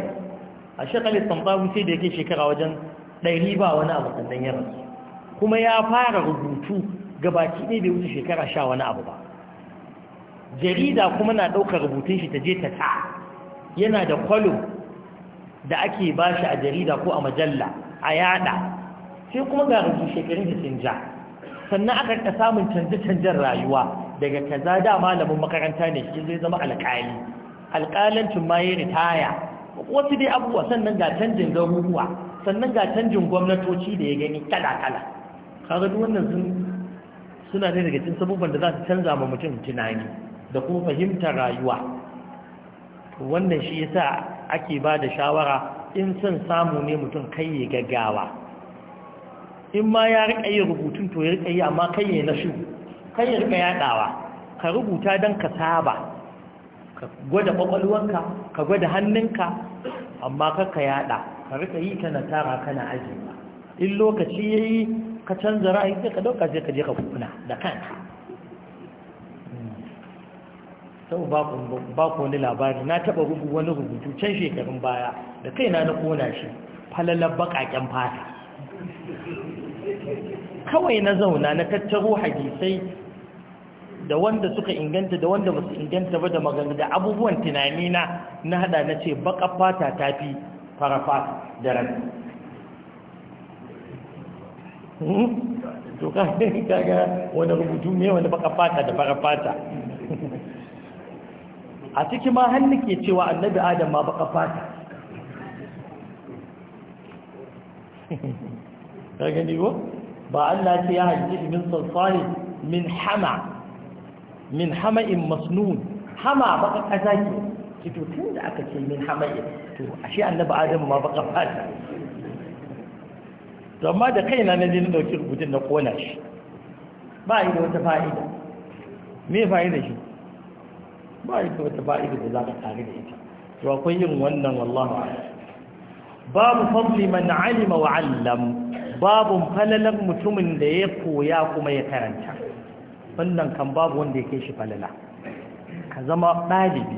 a shakali sambabu sai da yake shekara wajen ɗari ba wani abu sannan yaran kuma ya fara rubutu gabaki ne bai wuce shekara sha wani abu ba jarida kuma na ɗaukar rubutun shi ta je ta ta yana da kwalo da ake ba shi a jarida ko a majalla a yada sai kuma ga rubutu shekarun da sun ja sannan aka ka samun canje-canjen rayuwa daga kaza da malamin makaranta ne shi zai zama alƙali alƙalancin ma ya ritaya wasu dai abubuwa sannan ga canjin garuruwa sannan ga canjin gwamnatoci da ya gani kala-kala kaga wannan sun suna ne daga cikin sabubban da za su canza ma mutum tunani da kuma fahimtar rayuwa wannan shi yasa ake ba da shawara in son samu ne mutum kai ya gaggawa in ma ya riƙa yi rubutun to ya riƙa yi amma kai ya na shi kai ya riƙa yaɗawa ka rubuta don ka saba ka gwada kwakwalwanka ka gwada hannunka amma ka yada ka rika yi kana tara kana aji ba. in lokaci ya yi ka canza ra'ayi sai ka dauka sai ka je ka kuna da kanta. sau ba ku wani labari na taɓa rubu wani rubutu can shekarun baya da kaina na kona shi falalar baƙaƙen fata kawai na zauna na tattaro hadisai da wanda suka inganta da wanda ba su inganta ba da magana da abubuwan tunani na na hada na ce baka fata ta fi fara fata da ran hmm? to kaga wani rubutu ne wani baka fata da fara fata a ciki ma hannu ke cewa annabi adam ma baka fata ka gani ko ba Allah ce ya hajji min salsali min hama min hama'in masnun hama baka kaza ke to tun da aka ce min hama'in to ashe annabi adamu ma baka fata to amma da kaina na je na dauki rubutun na kona shi ba yi da wata fa'ida me fa'ida shi ba yi da wata fa'ida da za ka tare da ita to akwai yin wannan wallahu babu fadli man alima wa allam babu falalan mutumin da ya koya kuma ya karanta wannan kan babu wanda ya kai shi falala ka zama ɗalibi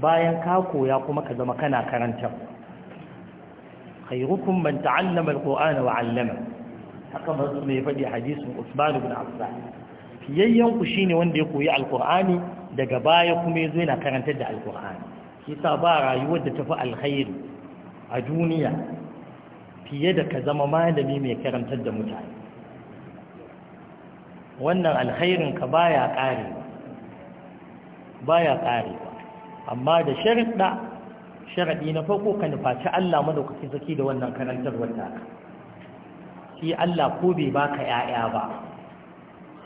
bayan ka koya kuma ka zama kana karanta khairukum man ta'allama alqur'ana wa 'allama haka mazu mai faɗi hadisin Usman ibn Affan fiyayyen ku shine wanda ya koyi alqur'ani daga baya kuma yazo yana karantar da alqur'ani kisa ba rayuwar da tafi alkhairi a duniya fiye da ka zama malami mai karantar da mutane wannan alkhairin baya ƙare baya ƙare amma da sharuɗa sharaɗi na farko ka nufaci Allah madaukakin saki da wannan karantarwar ka. shi Allah ko bai baka ƴaƴa ba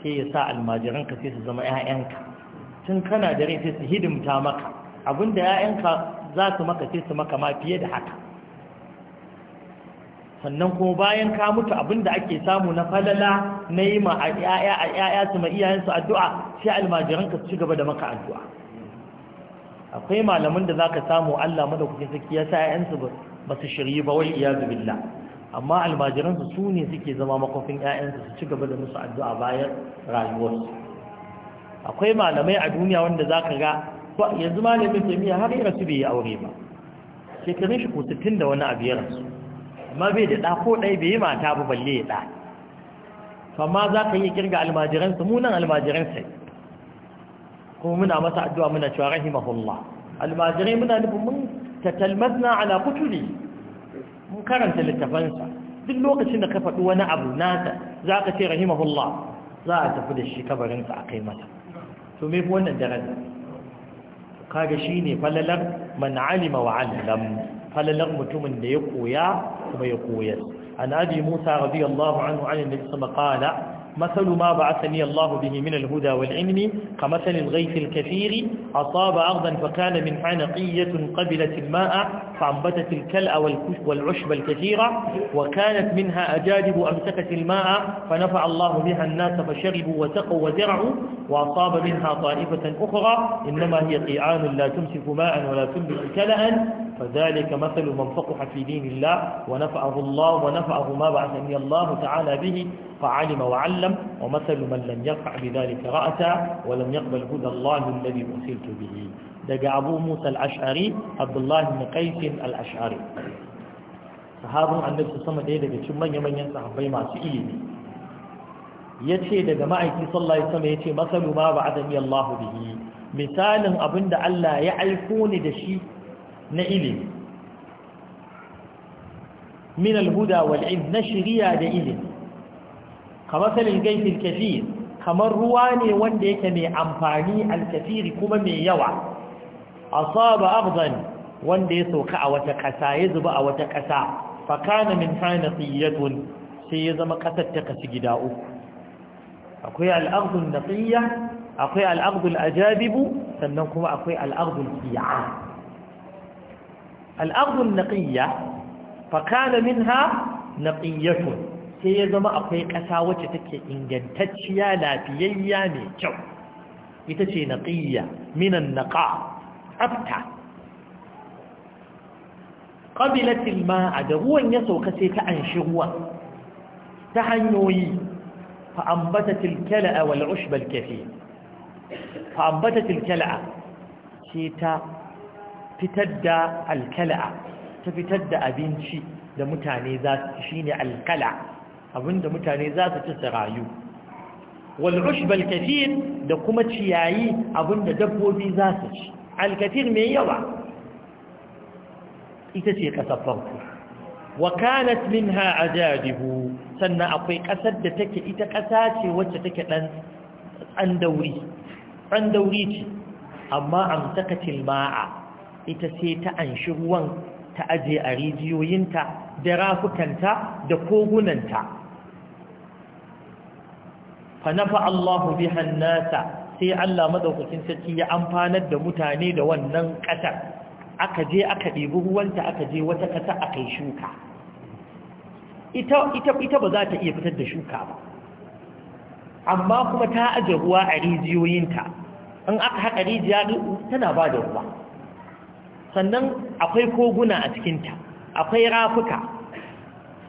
sai ya sa almajiranka sai su zama ƴaƴanka tun kana da rai sai su hidimta maka abinda ƴaƴanka za su maka sai su maka ma fiye da haka sannan kuma bayan ka mutu abin da ake samu na falala na yi ma ‘ya'ya su ma iyayensu addu'a sai almajiranka su ci gaba da maka addu'a akwai malamin da za ka samu Allah kuke saki ya sa ‘ya'yansu ba su shirye ba wai iya zubilla amma almajiransu su ne suke zama makofin ‘ya'yansu su ci gaba da musu addu'a bayan rayuwarsu akwai malamai a duniya wanda za ka ga yanzu malamin taimiyya har yi rasu bai yi aure ba shekarun shi ko 60 da wani abu ya rasu amma bai da ɗa ko ɗai bai yi mata ba balle ya ɗa amma za ka yi kirga almajiransa munan almajiransu kuma muna masa addu'a muna cewa rahimahullah almajirai muna nufin mun tatalmazna ala kuturi mun karanta littafansa duk lokacin da ka faɗi wani abu nasa za ka ce rahimahullah za a tafi da shi kabarinsa a kai mata to me fi wannan daraja kaga shi ne falalar man alima wa alam falalar mutumin da ya koya kuma ya koyar an abi musa radiyallahu anhu an annabi وسلم qala مثل ما بعثني الله به من الهدى والعلم كمثل الغيث الكثير أصاب أرضا فكان من حنقية قبلت الماء فأنبتت الكلأ والعشب الكثيرة وكانت منها أجادب أمسكت الماء فنفع الله بها الناس فشربوا وتقوا وزرعوا وأصاب منها طائفة أخرى إنما هي قيعان لا تمسك ماء ولا تنبت كلأ فذلك مثل من فقح في دين الله ونفعه الله ونفعه ما بعثني الله تعالى به فعلم وعلم ومثل من لم يقع بذلك رأتا ولم يقبل هدى الله الذي أرسلت به دقى أبو موسى الأشعري عبد الله بن قيس الأشعري sahabin annabi sama ɗaya daga cikin manya-manyan sahabbai masu ilimi ya ce daga ma'aiki sallallahu alaihi wasallam ya ce masalu ma ba adami Allah bihi misalin abinda Allah ya aiko ni da shi na ilimi min alhuda wal ilm na shiriya da ilimi kamar salin gaifin kafir kamar ruwa ne wanda yake mai amfani alkafiri kuma mai yawa asaba abdan wanda ya sauka a wata ƙasa ya zuba a wata ƙasa fakana min hana tsiyatun sai ya zama ƙasar ta kasu gida uku akwai al'ardun naqiya akwai al'ardul ajabibu sannan kuma akwai al'ardul qiya al’adun naƙiyya fakana min ha naƙiyyatun sai ya zama akwai ƙasa wacce take ingantacciya lafiyayya mai kyau ita ce naƙiyya minan naƙa tsafta ƙabilatin ma a da ruwan ya sauka sai ta anshi ruwa ta hanyoyi fa’ambatattun kyala’a wal’ushbal kafi fa’ambatattun kyala’a ce ta fitar da alkala'a ta fitar da abinci da mutane za su shi ne alkala abinda mutane za su ci su rayu wal'ushbal kafir da kuma ciyayi abinda dabbobi za su ci alkafir mai yawa ita ce ƙasar farko wa kanat minha ajadihu sannan akwai ƙasar da take ita ƙasa ce wacce take ɗan tsandauri tsandauri ce amma amsakatil ma'a ita sai ta anshi ruwan ta aje a rijiyoyinta da rafukanta da kogunanta fa Allahu biha nasa sai Allah madaukakin sarki ya amfanar da mutane da wannan ƙasar aka je aka ɗebi ruwanta aka je wata ƙasa aka yi shuka ita ba za ta iya fitar da shuka ba amma kuma ta aje ruwa a rijiyoyinta in aka haƙa rijiya tana ba da ruwa sannan akwai koguna a cikinta akwai rafuka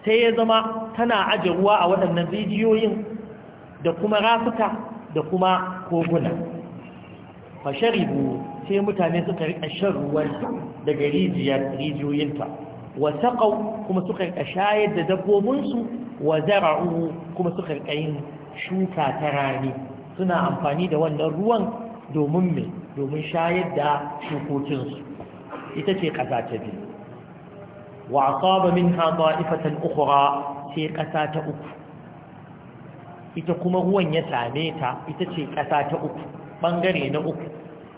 sai ya zama tana aje ruwa a waɗannan rijiyoyin da kuma rafuka da kuma koguna fasharibu sai mutane suka riƙa shan ruwan daga rijiyoyinta wasaƙau kuma suka riƙa shayar da dabbobinsu wa zara'u kuma suka riƙa yin shuka ta rani suna amfani da wannan ruwan domin mai domin shayar da shukokinsu ita ce ƙasa ta biyu wa asaba minha ta'ifatan ukura ce ƙasa ta uku ita kuma ruwan ya same ta ita ce ƙasa ta uku bangare na uku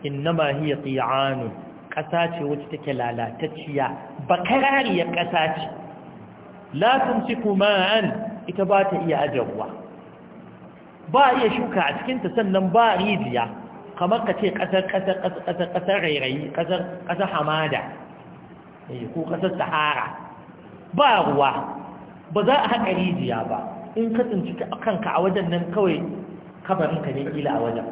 innama hiya qi'anun ƙasa ce wacce take lalatacciya bakarariyar ƙasa ce la tumsiku ita ba ta iya ajarwa ba iya shuka a cikinta sannan ba rijiya kamar ka ce ƙasar ƙasar ƙasar rairayi ƙasar hamada eh, ko ƙasar sahara ba ruwa ba za a haƙa rijiya ba in ka tsinci kanka a wajen nan kawai kabarinka ne ila a wajen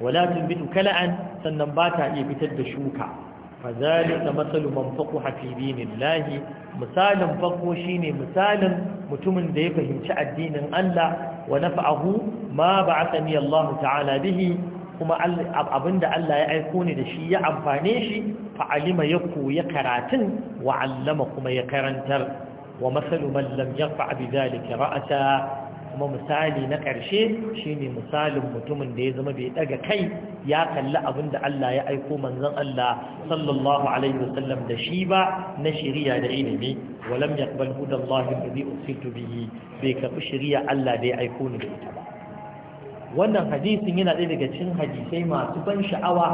wala tumbitu kala'an sannan ba ta iya fitar da shuka fazalika masalu man faqu hafidinillahi misalin faqo shine misalin mutumin da ya fahimci addinin Allah wa nafa'ahu ma ba'athani Allah ta'ala bihi kuma abinda Allah ya aiko ni da shi ya amfane shi fa'alima ya koya karatun wa allama kuma ya karantar wa masalu man lam yarfa bi zalika ra'asa. kuma misali na ƙarshe shine misalin mutumin da ya zama bai ɗaga kai ya kalli abin da Allah ya aiko manzon Allah sallallahu alaihi wasallam da shi ba na shiriya da ilimi walam yaqbal hudallahi alladhi ursiltu bihi bai karbi shiriya Allah da ya aiko ni da ita ba wannan hadisin yana ɗaya daga cikin hadisai masu ban sha'awa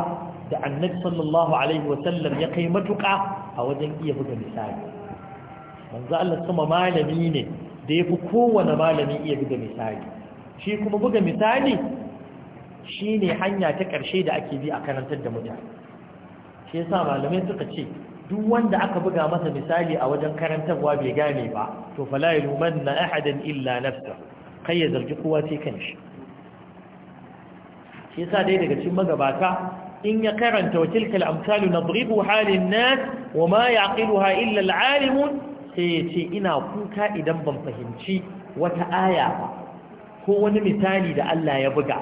da annabi sallallahu alaihi wasallam ya kai matuƙa a wajen iya buga misali manzo Allah kuma malami ne da ya fi kowane malami iya buga misali shi kuma buga misali shi ne hanya ta ƙarshe da ake bi a karantar da mutane shi yasa malamai suka ce duk wanda aka buga masa misali a wajen karantarwa bai gane ba to fala na ahadan illa nafsa kai ya zargi kowa sai kanshi shi yasa dai daga cikin magabata in ya karanta wa tilkal amsalu nadribu halin nas wa ma yaqiluha illa al-alimun sai ya ce ina kuka idan ban fahimci wata aya ba ko wani misali da Allah ya buga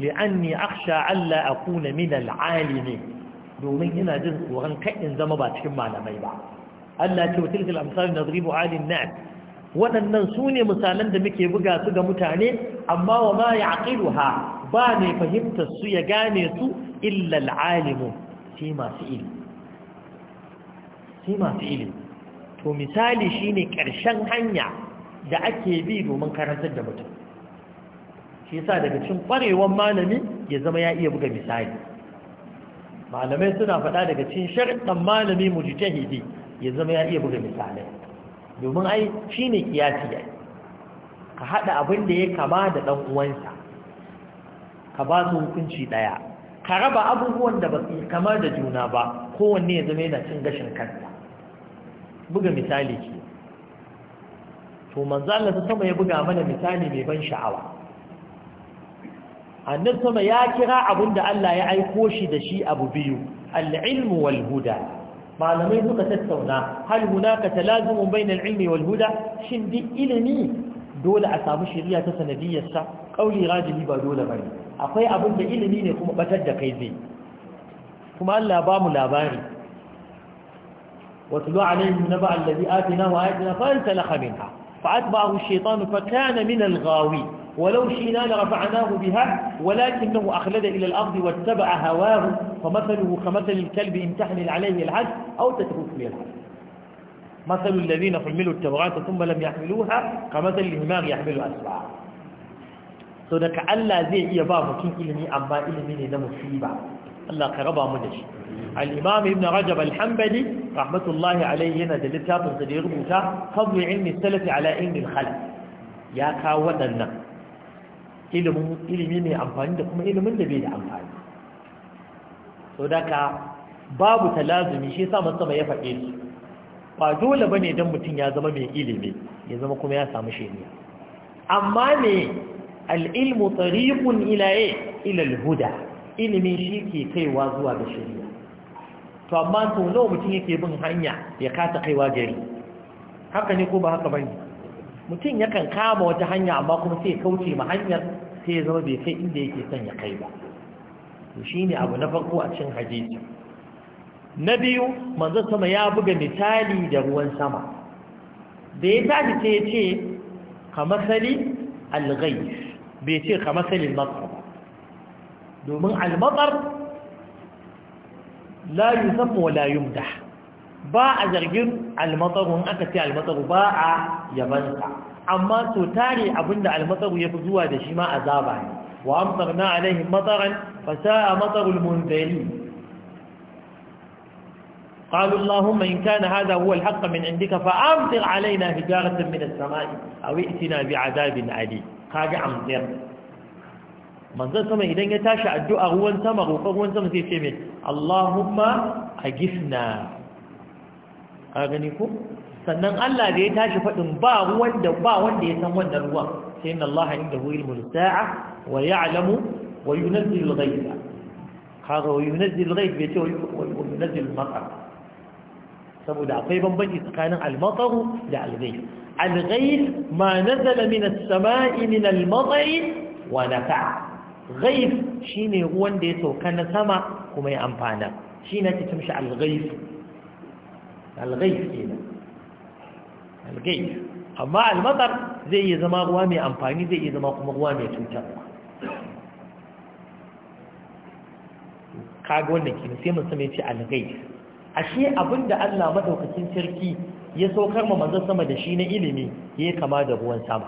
li'anni Allah alla akuna min al'alimi domin ina jin tsoron kai in zama ba cikin malamai ba Allah ce tilkal amsal nadribu 'alin nas waɗannan su ne misalan da muke buga su ga mutane amma wa ma ya'qiluha ba ne fahimtar su ya gane su illa al'alimu sai masu ilimi sai masu ilimi to misali shine ƙarshen hanya da ake bi domin karantar da mutum shi yasa daga cikin ƙwarewar malami ya zama ya iya buga misali malamai suna faɗa daga cikin sharɗan malami mujtahidi ya zama ya iya buga misalai domin ai shine kiyasi ya ka haɗa abin da ya kama da ɗan uwansa ka ba su hukunci ɗaya ka raba abubuwan da ba su kama da juna ba kowanne ya zama yana cin gashin kansa buga misali ke to manzo Allah ta sama ya buga mana misali mai ban sha'awa annabi sama ya kira abinda Allah ya aiko shi da shi abu biyu al-ilm wal huda malamai suka tattauna hal hunaka talazumun bainal ilmi wal huda shin di ilimi dole a samu shari'a ta sanadiyar sa kauli rajihi ba dole bane akwai abinda ilimi ne kuma batar da kai zai kuma Allah ba mu labari واتلو عليهم نبع الذي آتناه آياتنا فانسلخ منها فأتبعه الشيطان فكان من الغاوي ولو شئنا لرفعناه بها ولكنه أخلد إلى الأرض واتبع هواه فمثله كمثل الكلب إن تحمل عليه الحج أو تتركه به مثل الذين حملوا التوراة ثم لم يحملوها كمثل الهمار يحمل أسبعا so ألا Allah zai iya ba mutum ilimi Allah ka raba mu da shi al-imam ibn rajab al-hanbali rahmatullahi alayhi yana da littafin da ya rubuta fadlu ilmi salaf ala ilmi al-khalaf ya kawo wadannan ilimin ilimi mai amfani da kuma ilimin da bai da amfani da. daga babu talazumi shi yasa sama ya faɗe ba dole bane dan mutum ya zama mai ilimi ya zama kuma ya samu shari'a amma ne al-ilmu tariqun ila ila al-huda ilimin shi ke kaiwa zuwa da shari'a to amma to nawa mutum yake bin hanya ya kasa kaiwa gari haka ne ko ba haka bane mutum yakan kama wata hanya amma kuma sai kauce ma hanyar sai ya zama bai kai inda yake son ya kai ba to shine abu na farko a cikin hadisi na biyu manzo sama ya buga misali da ruwan sama da ya tafi sai ya ce kamasali al-ghayth bai ce kamasali al-matar domin almatsar la yi zama wala yumda ba a zargin almatsarun aka ce almatsaru ba a yabansa amma so tare abinda almatsaru ya fi zuwa da shi ma azaba ne wa amsarna alaihim matsaran fasa'a matsarul munzari قالوا اللهم إن كان هذا هو الحق من عندك فأمطر علينا هجارة من السماء أو ائتنا بعذاب عليم قال أمطر manzon sama idan ya tashi addu'a ruwan sama roƙon ruwan sama sai ce mai Allahumma agifna a gani ko sannan Allah da ya tashi faɗin ba wanda ba wanda ya san wannan ruwan sai inna Allah indahu ilmul sa'a wa ya'lamu wa yunzilu al-ghaytha kaga wa yunzilu al-ghayth bai ce wa yunzilu al-matar saboda akwai bambanci tsakanin al-matar da al-ghayth al-ghayth ma nazala min as-sama'i min al-matar wa nafa'a ghaif shine ruwan da ya sauka na sama kuma ya amfana shi na ake cimshi al-ghaif ke ghaif kenan amma al zai iya zama ruwa mai amfani zai iya zama kuma ruwa mai cutarwa kaga wannan kenan sai mun same shi al-ghaif ashe abinda Allah madaukakin sarki ya saukar ma manzon sama da shi na ilimi ya kama da ruwan sama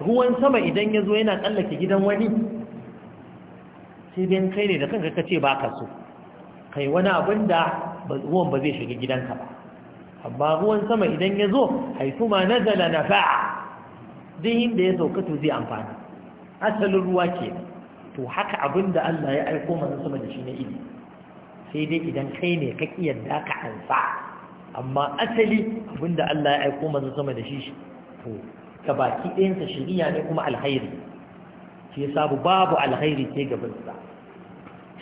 ruwan sama idan ya zo yana kallake gidan wani sai dai kai ne da kanka ka ce ba ka so kai wani abin da ruwan ba zai shiga gidanka ba amma ruwan sama idan ya zo haifuma na nazala na fa'a duk inda ya sauka to zai amfani asalin ruwa ke to haka abin da Allah ya aiko manzo sama da shi na ilimi sai dai idan kai ne ka kiyarda ka ansa amma asali abin da Allah ya aiko manzo sama da shi to ka baki ɗayansa shari'a ne kuma alkhairi shi sabu babu alkhairi sai gabansa.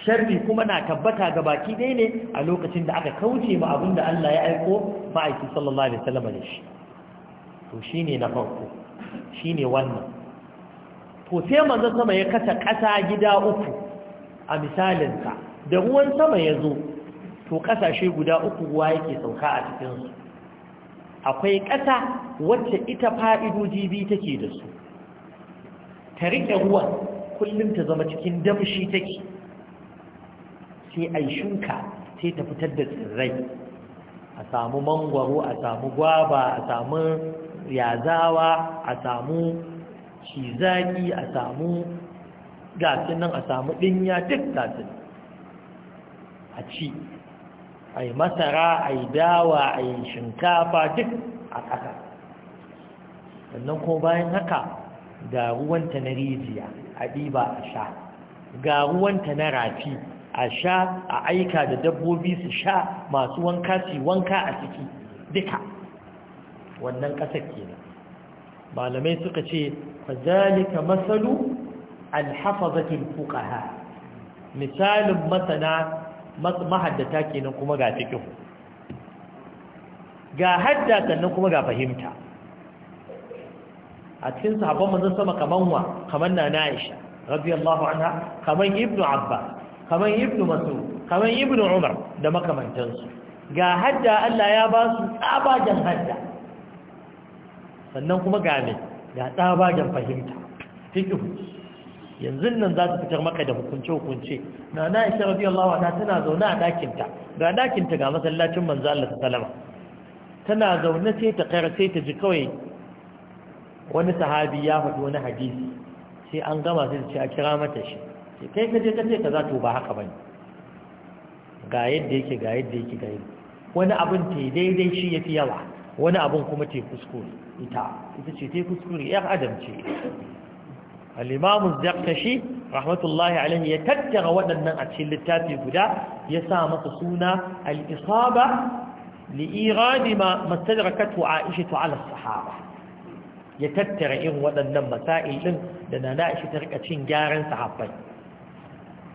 sharri kuma na tabbata ga baki ɗaya ne a lokacin da aka kauce ma abin da Allah ya aiko ma'aiki sallallahu alaihi wasallam da shi to shine na farko shine wannan to sai manzo sama ya kasa ƙasa gida uku a misalin da ruwan sama ya zo to ƙasashe guda uku ruwa yake sauka a cikin su akwai ƙasa wacce ita fa'idoji jibi take da su ta rike ruwan kullum ta zama cikin damshi take sai a shuka sai ta fitar da tsirrai a samu mangwaro a samu gwaba a samu yazawa a samu shizaki a samu gasin nan a samu dinya duk gasin a ci a yi masara a yi dawa a yi shinkafa duk a ƙasa sannan ko bayan haka ga ruwanta na rijiya a ɗiba a sha ga ruwanta na rafi a sha a aika da dabbobi su sha masu wanka su wanka a ciki duka wannan ƙasar kenan malamai suka ce fazalika matsalu alhafazatul fukaha misalin masana mahaddata kenan kuma ga fiqh ga hadda sannan kuma ga fahimta a cikin sahabban mazan sama kamar wa na Aisha radiyallahu anha kaman ibnu Abbas kamar ibnu masu kamar ibnu umar da makamantansu ga hadda Allah ya ba su tsabagen hadda sannan kuma ga me ga tsabagen fahimta fiqh yanzu nan za ta fitar maka da hukunce-hukunce na na ishe rabi Allah ta tana zaune a ɗakinta ga ɗakinta ga masallacin manzo Allah ta salama tana zaune sai ta kar sai ta ji kawai wani sahabi ya faɗi wani hadisi sai an gama sai ta ce a kira mata shi kai ka je ka ce za to ba haka bane ga yadda yake ga yadda yake ga yadda wani abin te daidai shi fi yawa wani abin kuma te kuskure ita ita ce te kuskure yar adam ce al-imamu zakashi rahmatullahi alaihi ya tattara waɗannan a cikin littafi guda ya sa masa suna al-isaba li iradi ma mastadrakatu aisha ala sahaba ya tattara irin waɗannan masail din da nana aisha ta rika cin gyaran sahabbai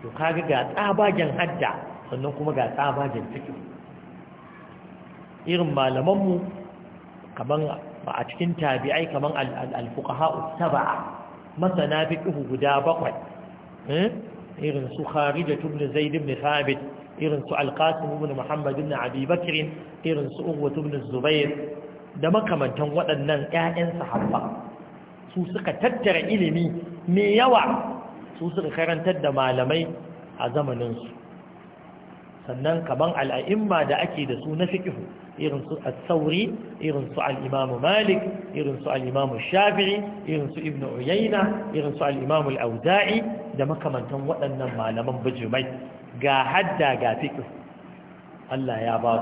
to kaga ga tsabagen hadda sannan kuma ga tsabagen fiqh irin malamanmu kaman ba a cikin tabi'ai kaman al-fuqaha sab'a masana fiqh guda bakwai eh? irin su kharija ibn zaid ibn thabit irin su al-qasim ibn muhammad ibn abi bakr irin su uwwa ibn zubair da makamantan waɗannan ƴaƴan sahabba su suka tattara ilimi mai yawa su suka karantar da malamai a zamaninsu sannan kamar al'a'imma da ake da su na fikihu irin su al-sauri irin su al'imamu malik irin su al'imamu shafi'i irin su ibn uyaina irin su al'imamu al'auza'i da makamantan waɗannan malaman bijimai ga hadda ga fikihu Allah ya ba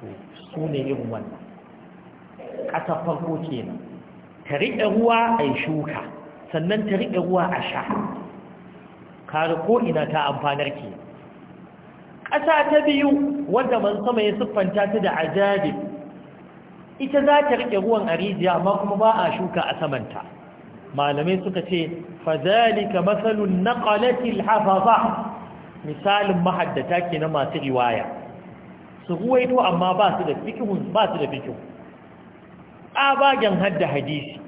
su su ne irin wannan ƙasa farko kenan ta riƙe ruwa a shuka sannan ta riƙe ruwa a sha kare ko'ina ta amfanar ke ƙasa ta biyu wanda man sama ya siffanta ta da ajabi ita za ta riƙe ruwan a rijiya amma kuma ba a shuka a samanta malamai suka ce fazalika matsalun na ƙalatil hafafa misalin mahaddata ke na masu riwaya su ruwaito amma ba su da fikihun ba su da fikihun hadda hadisi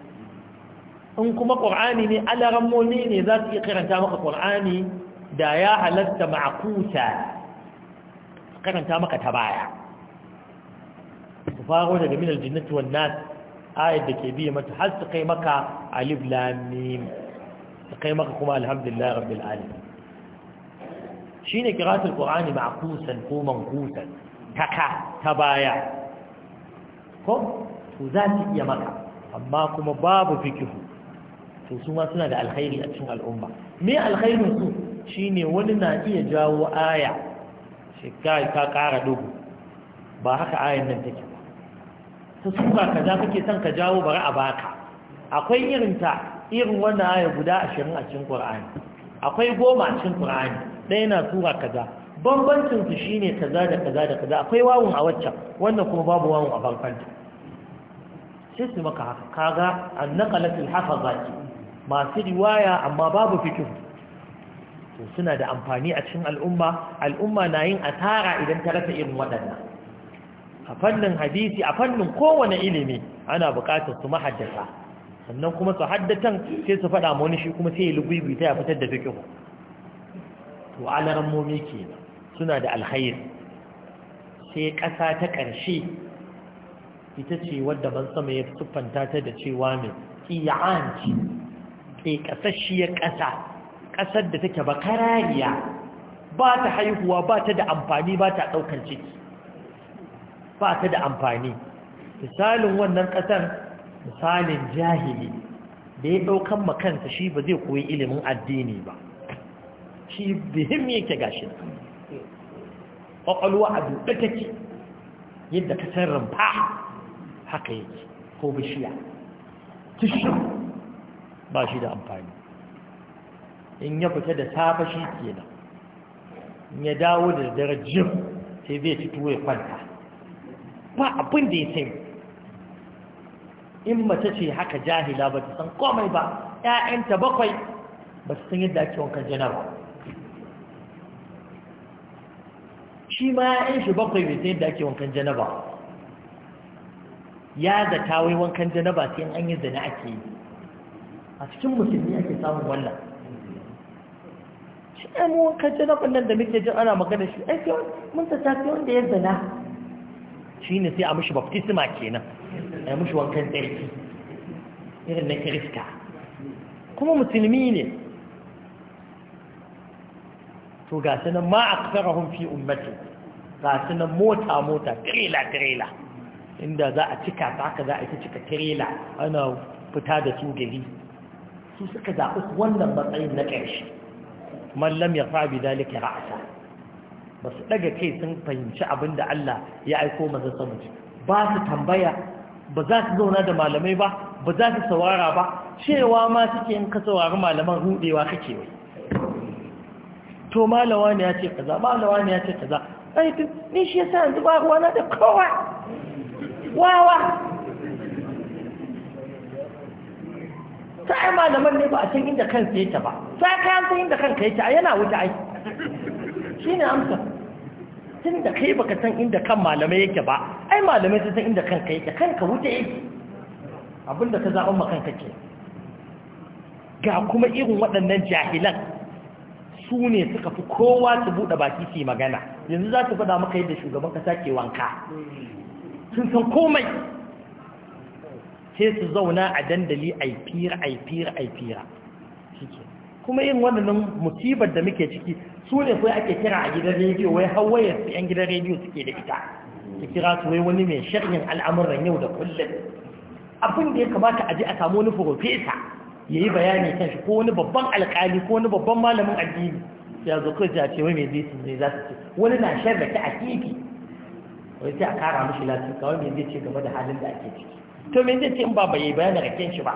in kuma ƙur'ani ne alarammomi ne za su iya karanta maka ƙur'ani da ya halatta ma'akuta karanta maka ta baya su faro daga minal jinnatu wan nas ayat da ke biya mata har su kai maka alif lam su kai maka kuma alhamdulillah rabbil alamin shine qira'atul qur'ani ma'kusan ko mankusan taka ta baya ko to za su iya maka amma kuma babu fikihu to su ma suna da alkhairi a cikin al'umma me alkhairin su shine wani na iya jawo aya shi kai ka kara dubu ba haka ayan nan take ba su suka kaza kake son ka jawo bara a baka akwai irin ta irin wannan aya guda 20 a cikin Qur'ani akwai goma a cikin Qur'ani ɗaya na sura kaza bambancin su shine kaza da kaza da kaza akwai wawun a waccan wannan kuma babu wawun a bankanta sai su maka haka kaga annaqalatul hafazati masu riwaya amma babu fikihu to suna da amfani a cikin al'umma al'umma na yin asara idan ta rasa irin waɗannan a fannin hadisi a fannin kowane ilimi ana buƙatar su mahaddasa sannan kuma su haddatan sai su faɗa ma wani shi kuma sai ya ta ya fitar da fikihu to alaran momi suna da alhair sai ƙasa ta ƙarshe ita ce wadda ban sama ya siffanta ta da cewa mai ƙiya'anci ƙasashiyar ƙasa ƙasar da take bakarariya ba ta haihuwa ba ta da amfani ba ta ɗaukar ciki ba ta da amfani misalin wannan ƙasar misalin jahili da ya ɗaukan makansa shi ba zai koyi ilimin addini ba shi bihim yake gashi ƙwaƙwalwa a duɗe take yadda ka san rumfa haka yake ko bishiya tushen ba shi da amfani in ya fita da safa shi kenan in ya dawo da darajin sai zai ci tuwo ya kwanta ba abin da ya sai in mace ce haka jahila ba ta san komai ba ‘ya'yanta bakwai ba su san yadda ake wankan janaba shi ma ‘ya'yan shi bakwai bai san yadda ake wankan janaba ya zata wai wankan janaba sai an yi zane ake yi a cikin musulmi ake samun wannan shi ai mu kan janabin nan da muke jin ana magana shi ai kai mun ta tafi wanda ya zana Shi ne sai a mishi baptisma kenan ai mishi wankan tsarki irin na kirista kuma musulmi ne to ga su nan ma'aksarahun fi ummati ga su nan mota-mota tirela-tirela inda za a cika ta haka za a ita cika tirela ana fita da su gari su suka zaɓi wannan matsayin na ƙarshe mallam ya faɓi dalika ra'asa ba su ɗaga kai sun fahimci abin da Allah ya aiko maza sama ba su tambaya ba za su zauna da malamai ba ba za su saurara ba cewa ma suke yin kasawar saurari malaman rudewa kake wai to malawa ne ya ce kaza malawa ne ya ce kaza ai ni shi yasa yanzu ba da kowa wawa sai malaman ne ba a cikin inda kansa yake ba sai ka san inda kanka yake yana wuta ai shine amsa tun da kai baka san inda kan malamai yake ba ai malamai sai san inda kanka yake kanka wuta yake abinda ka zaɓa ma kanka ke ga kuma irin waɗannan jahilan su ne suka fi kowa su buɗe baki su yi magana yanzu za su faɗa maka yadda shugaban kasa ke wanka sun san komai sai su zauna a dandali a yi fira a yi fira a yi fira kuma yin wannan musibar da muke ciki su ne kai ake kira a gidan rediyo wai hawayar su yan gidan rediyo suke da ita su kira su wai wani mai shirin al'amuran yau da kullum abin da ya kamata a ji a samu wani profesa ya yi bayani kan shi ko wani babban alkali ko wani babban malamin addini ya zo kai ya ce wai mai zai su zai za su ce wani na da ta a kifi. wai sai a kara mashi lafiya kawai mai zai ce game da halin da ake ciki to me zai ce in ba bai bayani kyan shi ba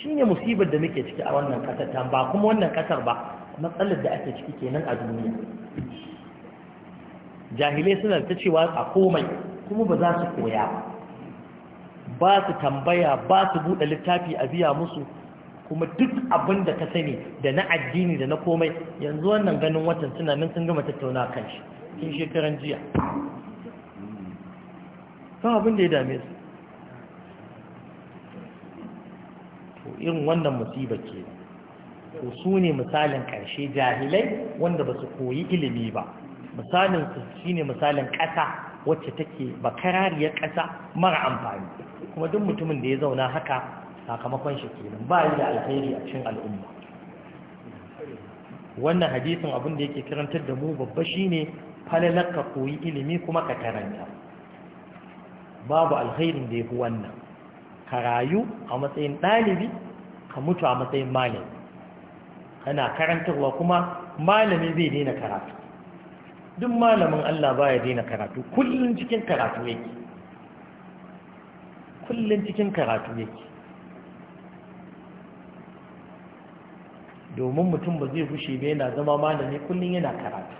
Shi ne musibar da muke ciki a wannan kasar ta ba kuma wannan kasar ba matsalar da ake ciki kenan a duniya jahilai suna ta cewa a komai kuma ba za su koya ba su tambaya ba su buɗe littafi a biya musu kuma duk abin da ka sani da na addini da na komai yanzu wannan ganin watan suna nan sun gama tattauna kan shi tun shekaran jiya kan abin da ya dame su to irin wannan musiba ke to su ne misalin ƙarshe jahilai wanda ba su koyi ilimi ba misalin su shine misalin ƙasa wacce take bakarariyar ƙasa mara amfani kuma duk mutumin da ya zauna haka sakamakon shi kenan ba yi da alheri a cikin al'umma wannan hadisin abin da yake karantar da mu babba shine falalar ka koyi ilimi kuma ka karanta babu alkhairin da ya fi wannan ka rayu a matsayin ɗalibi ka mutu a matsayin malami kana karantarwa kuma malami zai daina karatu duk malamin Allah baya daina karatu kullum cikin karatu yake kullum cikin karatu yake domin mutum ba zai fushi ba yana zama malami kullum yana karatu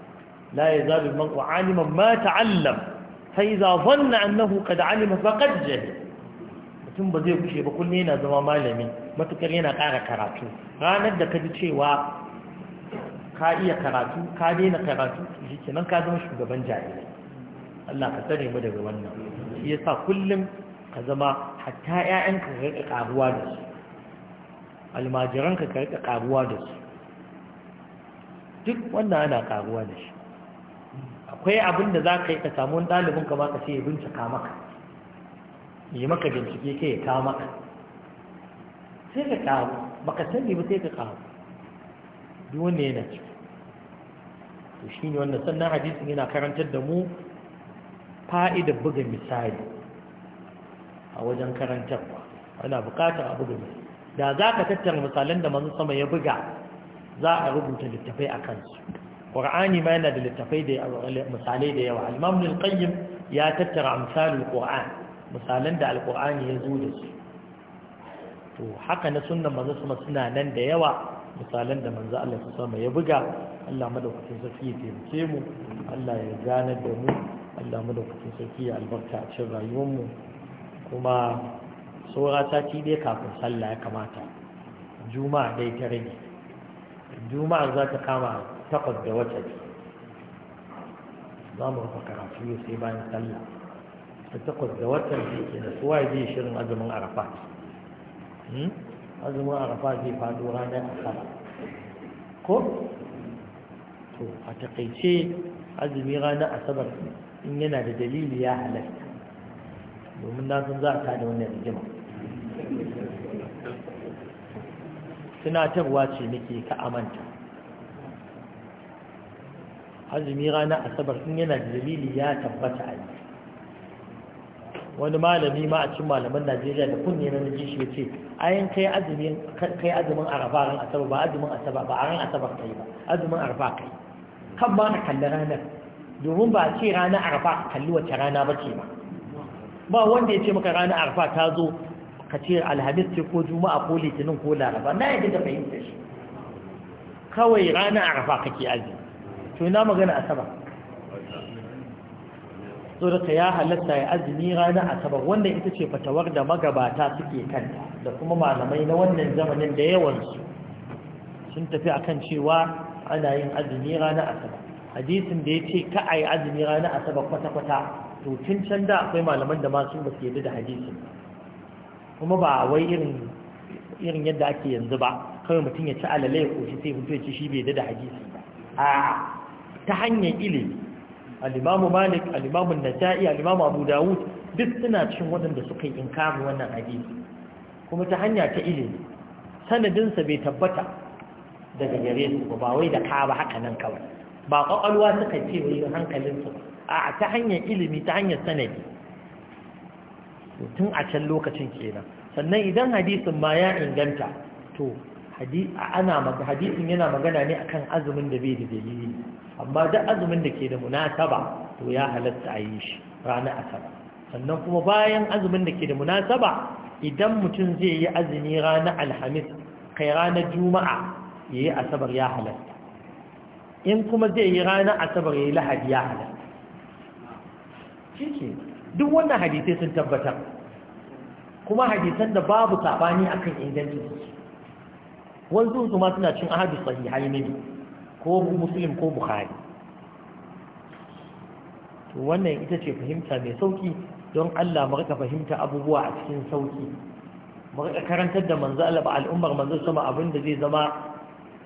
la ya zabi man aliman ma ta'allam فإذا ظن أنه قد علم فقد جهل mutum ba zai kushe ba kullum yana zama malami matukar yana ƙara karatu ranar da ka ji cewa ka iya karatu ka daina karatu shi nan ka zama shugaban jami'ai Allah ka tsare mu daga wannan shi yasa kullum ka zama hatta yayan ka riƙa ƙaruwa da su almajiranka ka riƙa ƙaruwa da su duk wannan ana ƙaruwa da shi akwai abin da za ka yi ka samu wani ɗalibin ka ka ce ya bincika maka yi maka bincike ke ya kawo maka sai ka kawo baka sani ba sai ka kawo duk wanda yana ci. to shi ne wannan sannan hadisin yana karantar da mu fa'idar buga misali a wajen karantarwa wanda bukatar a buga misali da za ka tattara misalan da manzo sama ya buga za a rubuta littafai a kansu qur'ani ma yana da littafai da misalai da yawa al al-qayyim ya tattara amsalul qur'an Misalin da al-qur'ani ya zo da su to haka na sunnan manzo kuma suna nan da yawa misalin da manzo Allah sama ya buga Allah madaukakin sarki ya taimake mu Allah ya gane da mu Allah madaukakin sarki ya albarka a cin rayuwar mu kuma saura sati dai kafin sallah ya kamata juma'a dai ta rage juma'a za ta kama takwas da wata ne za mu rufe karatu yau sai bayan sallah ta takwas da watan da ke da suwa zai shirin azumin arafa hmm? azumin arafa zai faɗo ranar asara ko to a takaice azumi ranar asabar in yana da dalili ya halatta domin na san za a tada wannan rigima tunatarwa ce nake ka amanta azumi ranar asabar in yana dalili ya tabbata a yi wani malami ma a cikin malaman najeriya da kunne na naji shi ce a kai kai azumin araba ran asabar ba azumin asabar ba ran asabar kai ba azumin araba kai kan ba ka kalli ranar domin ba ce ranar araba kalli wace rana ba ce ba ba wanda ya ce maka ranar araba ta zo ka ce alhamis ce ko juma'a ko litinin ko laraba na yadda da fahimta shi kawai ranar araba kake azumi to ina magana asabar saboda ya halatta ya azumi ranar asabar wanda ita ce fatawar da magabata suke kanta da kuma malamai na wannan zamanin da yawansu sun tafi akan cewa ana yin azumi ranar asabar hadisin da ya ce ka a yi azumi ranar asabar kwata-kwata to tun can da akwai malaman da masu ba su yadda da hadisin kuma ba wai irin yadda ake yanzu ba kawai mutum ya ci alalai ya shi sai mutum ya ci shi bai yadda da hadisi ba a ta hanyar ilimi al malik al nasa'i al abu dawud duk suna cikin waɗanda suka yi inkarin wannan hadisi kuma ta hanya ta ilimi sanadinsa bai tabbata daga gare su ba wai da ka ba haka nan kawai ba ƙwaƙwalwa suka ce hankalin su a ta hanyar ilimi ta hanyar sanadi tun a can lokacin kenan sannan idan hadisin ma ya inganta to hadisin yana magana ne akan azumin da bai da dalili amma duk azumin da ke da munasaba to ya halatta a yi shi ranar asabar sannan kuma bayan azumin da ke da munasaba idan mutum zai yi azumi rana alhamis kai ranar juma'a ya yi asabar ya halatta in kuma zai yi rana asabar ya yi lahadi ya halatta shi duk wannan hadisai sun tabbatar kuma hadisan da babu sabani akan ingancin su wanzu ma suna cin ahadu sahihai ne ko muslim ko bukhari to wannan ita ce fahimta mai sauki don Allah mu rika fahimta abubuwa a cikin sauki mu rika karantar da manzo Allah ba al'ummar manzo sama abin da zai zama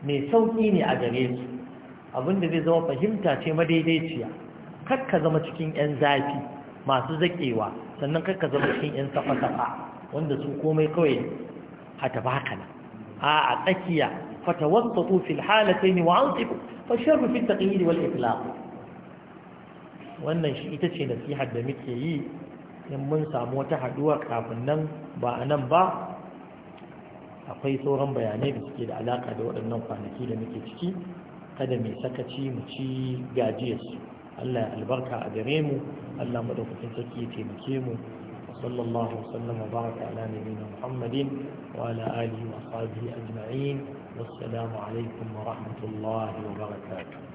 mai sauki ne a gare su abin da zai zama fahimta ce madaidaiciya kakka zama cikin yan zafi masu zakewa sannan kakka zama cikin yan safa-safa wanda su komai kawai a tabakana a a tsakiya fatawassatu fil halatayn wa antiqu fa sharru fi taqyid wal itlaq wannan shi ita ce nasihar da muke yi in mun samu wata haduwa kafin nan ba a nan ba akwai sauran bayanai da suke da alaka da waɗannan kwanaki da muke ciki kada mai sakaci mu ci gajiyarsu Allah ya albarka a gare mu Allah madaukakin sarki ya taimake mu وصلى الله وسلم وبارك على نبينا محمد وعلى آله وأصحابه أجمعين والسلام عليكم ورحمة الله وبركاته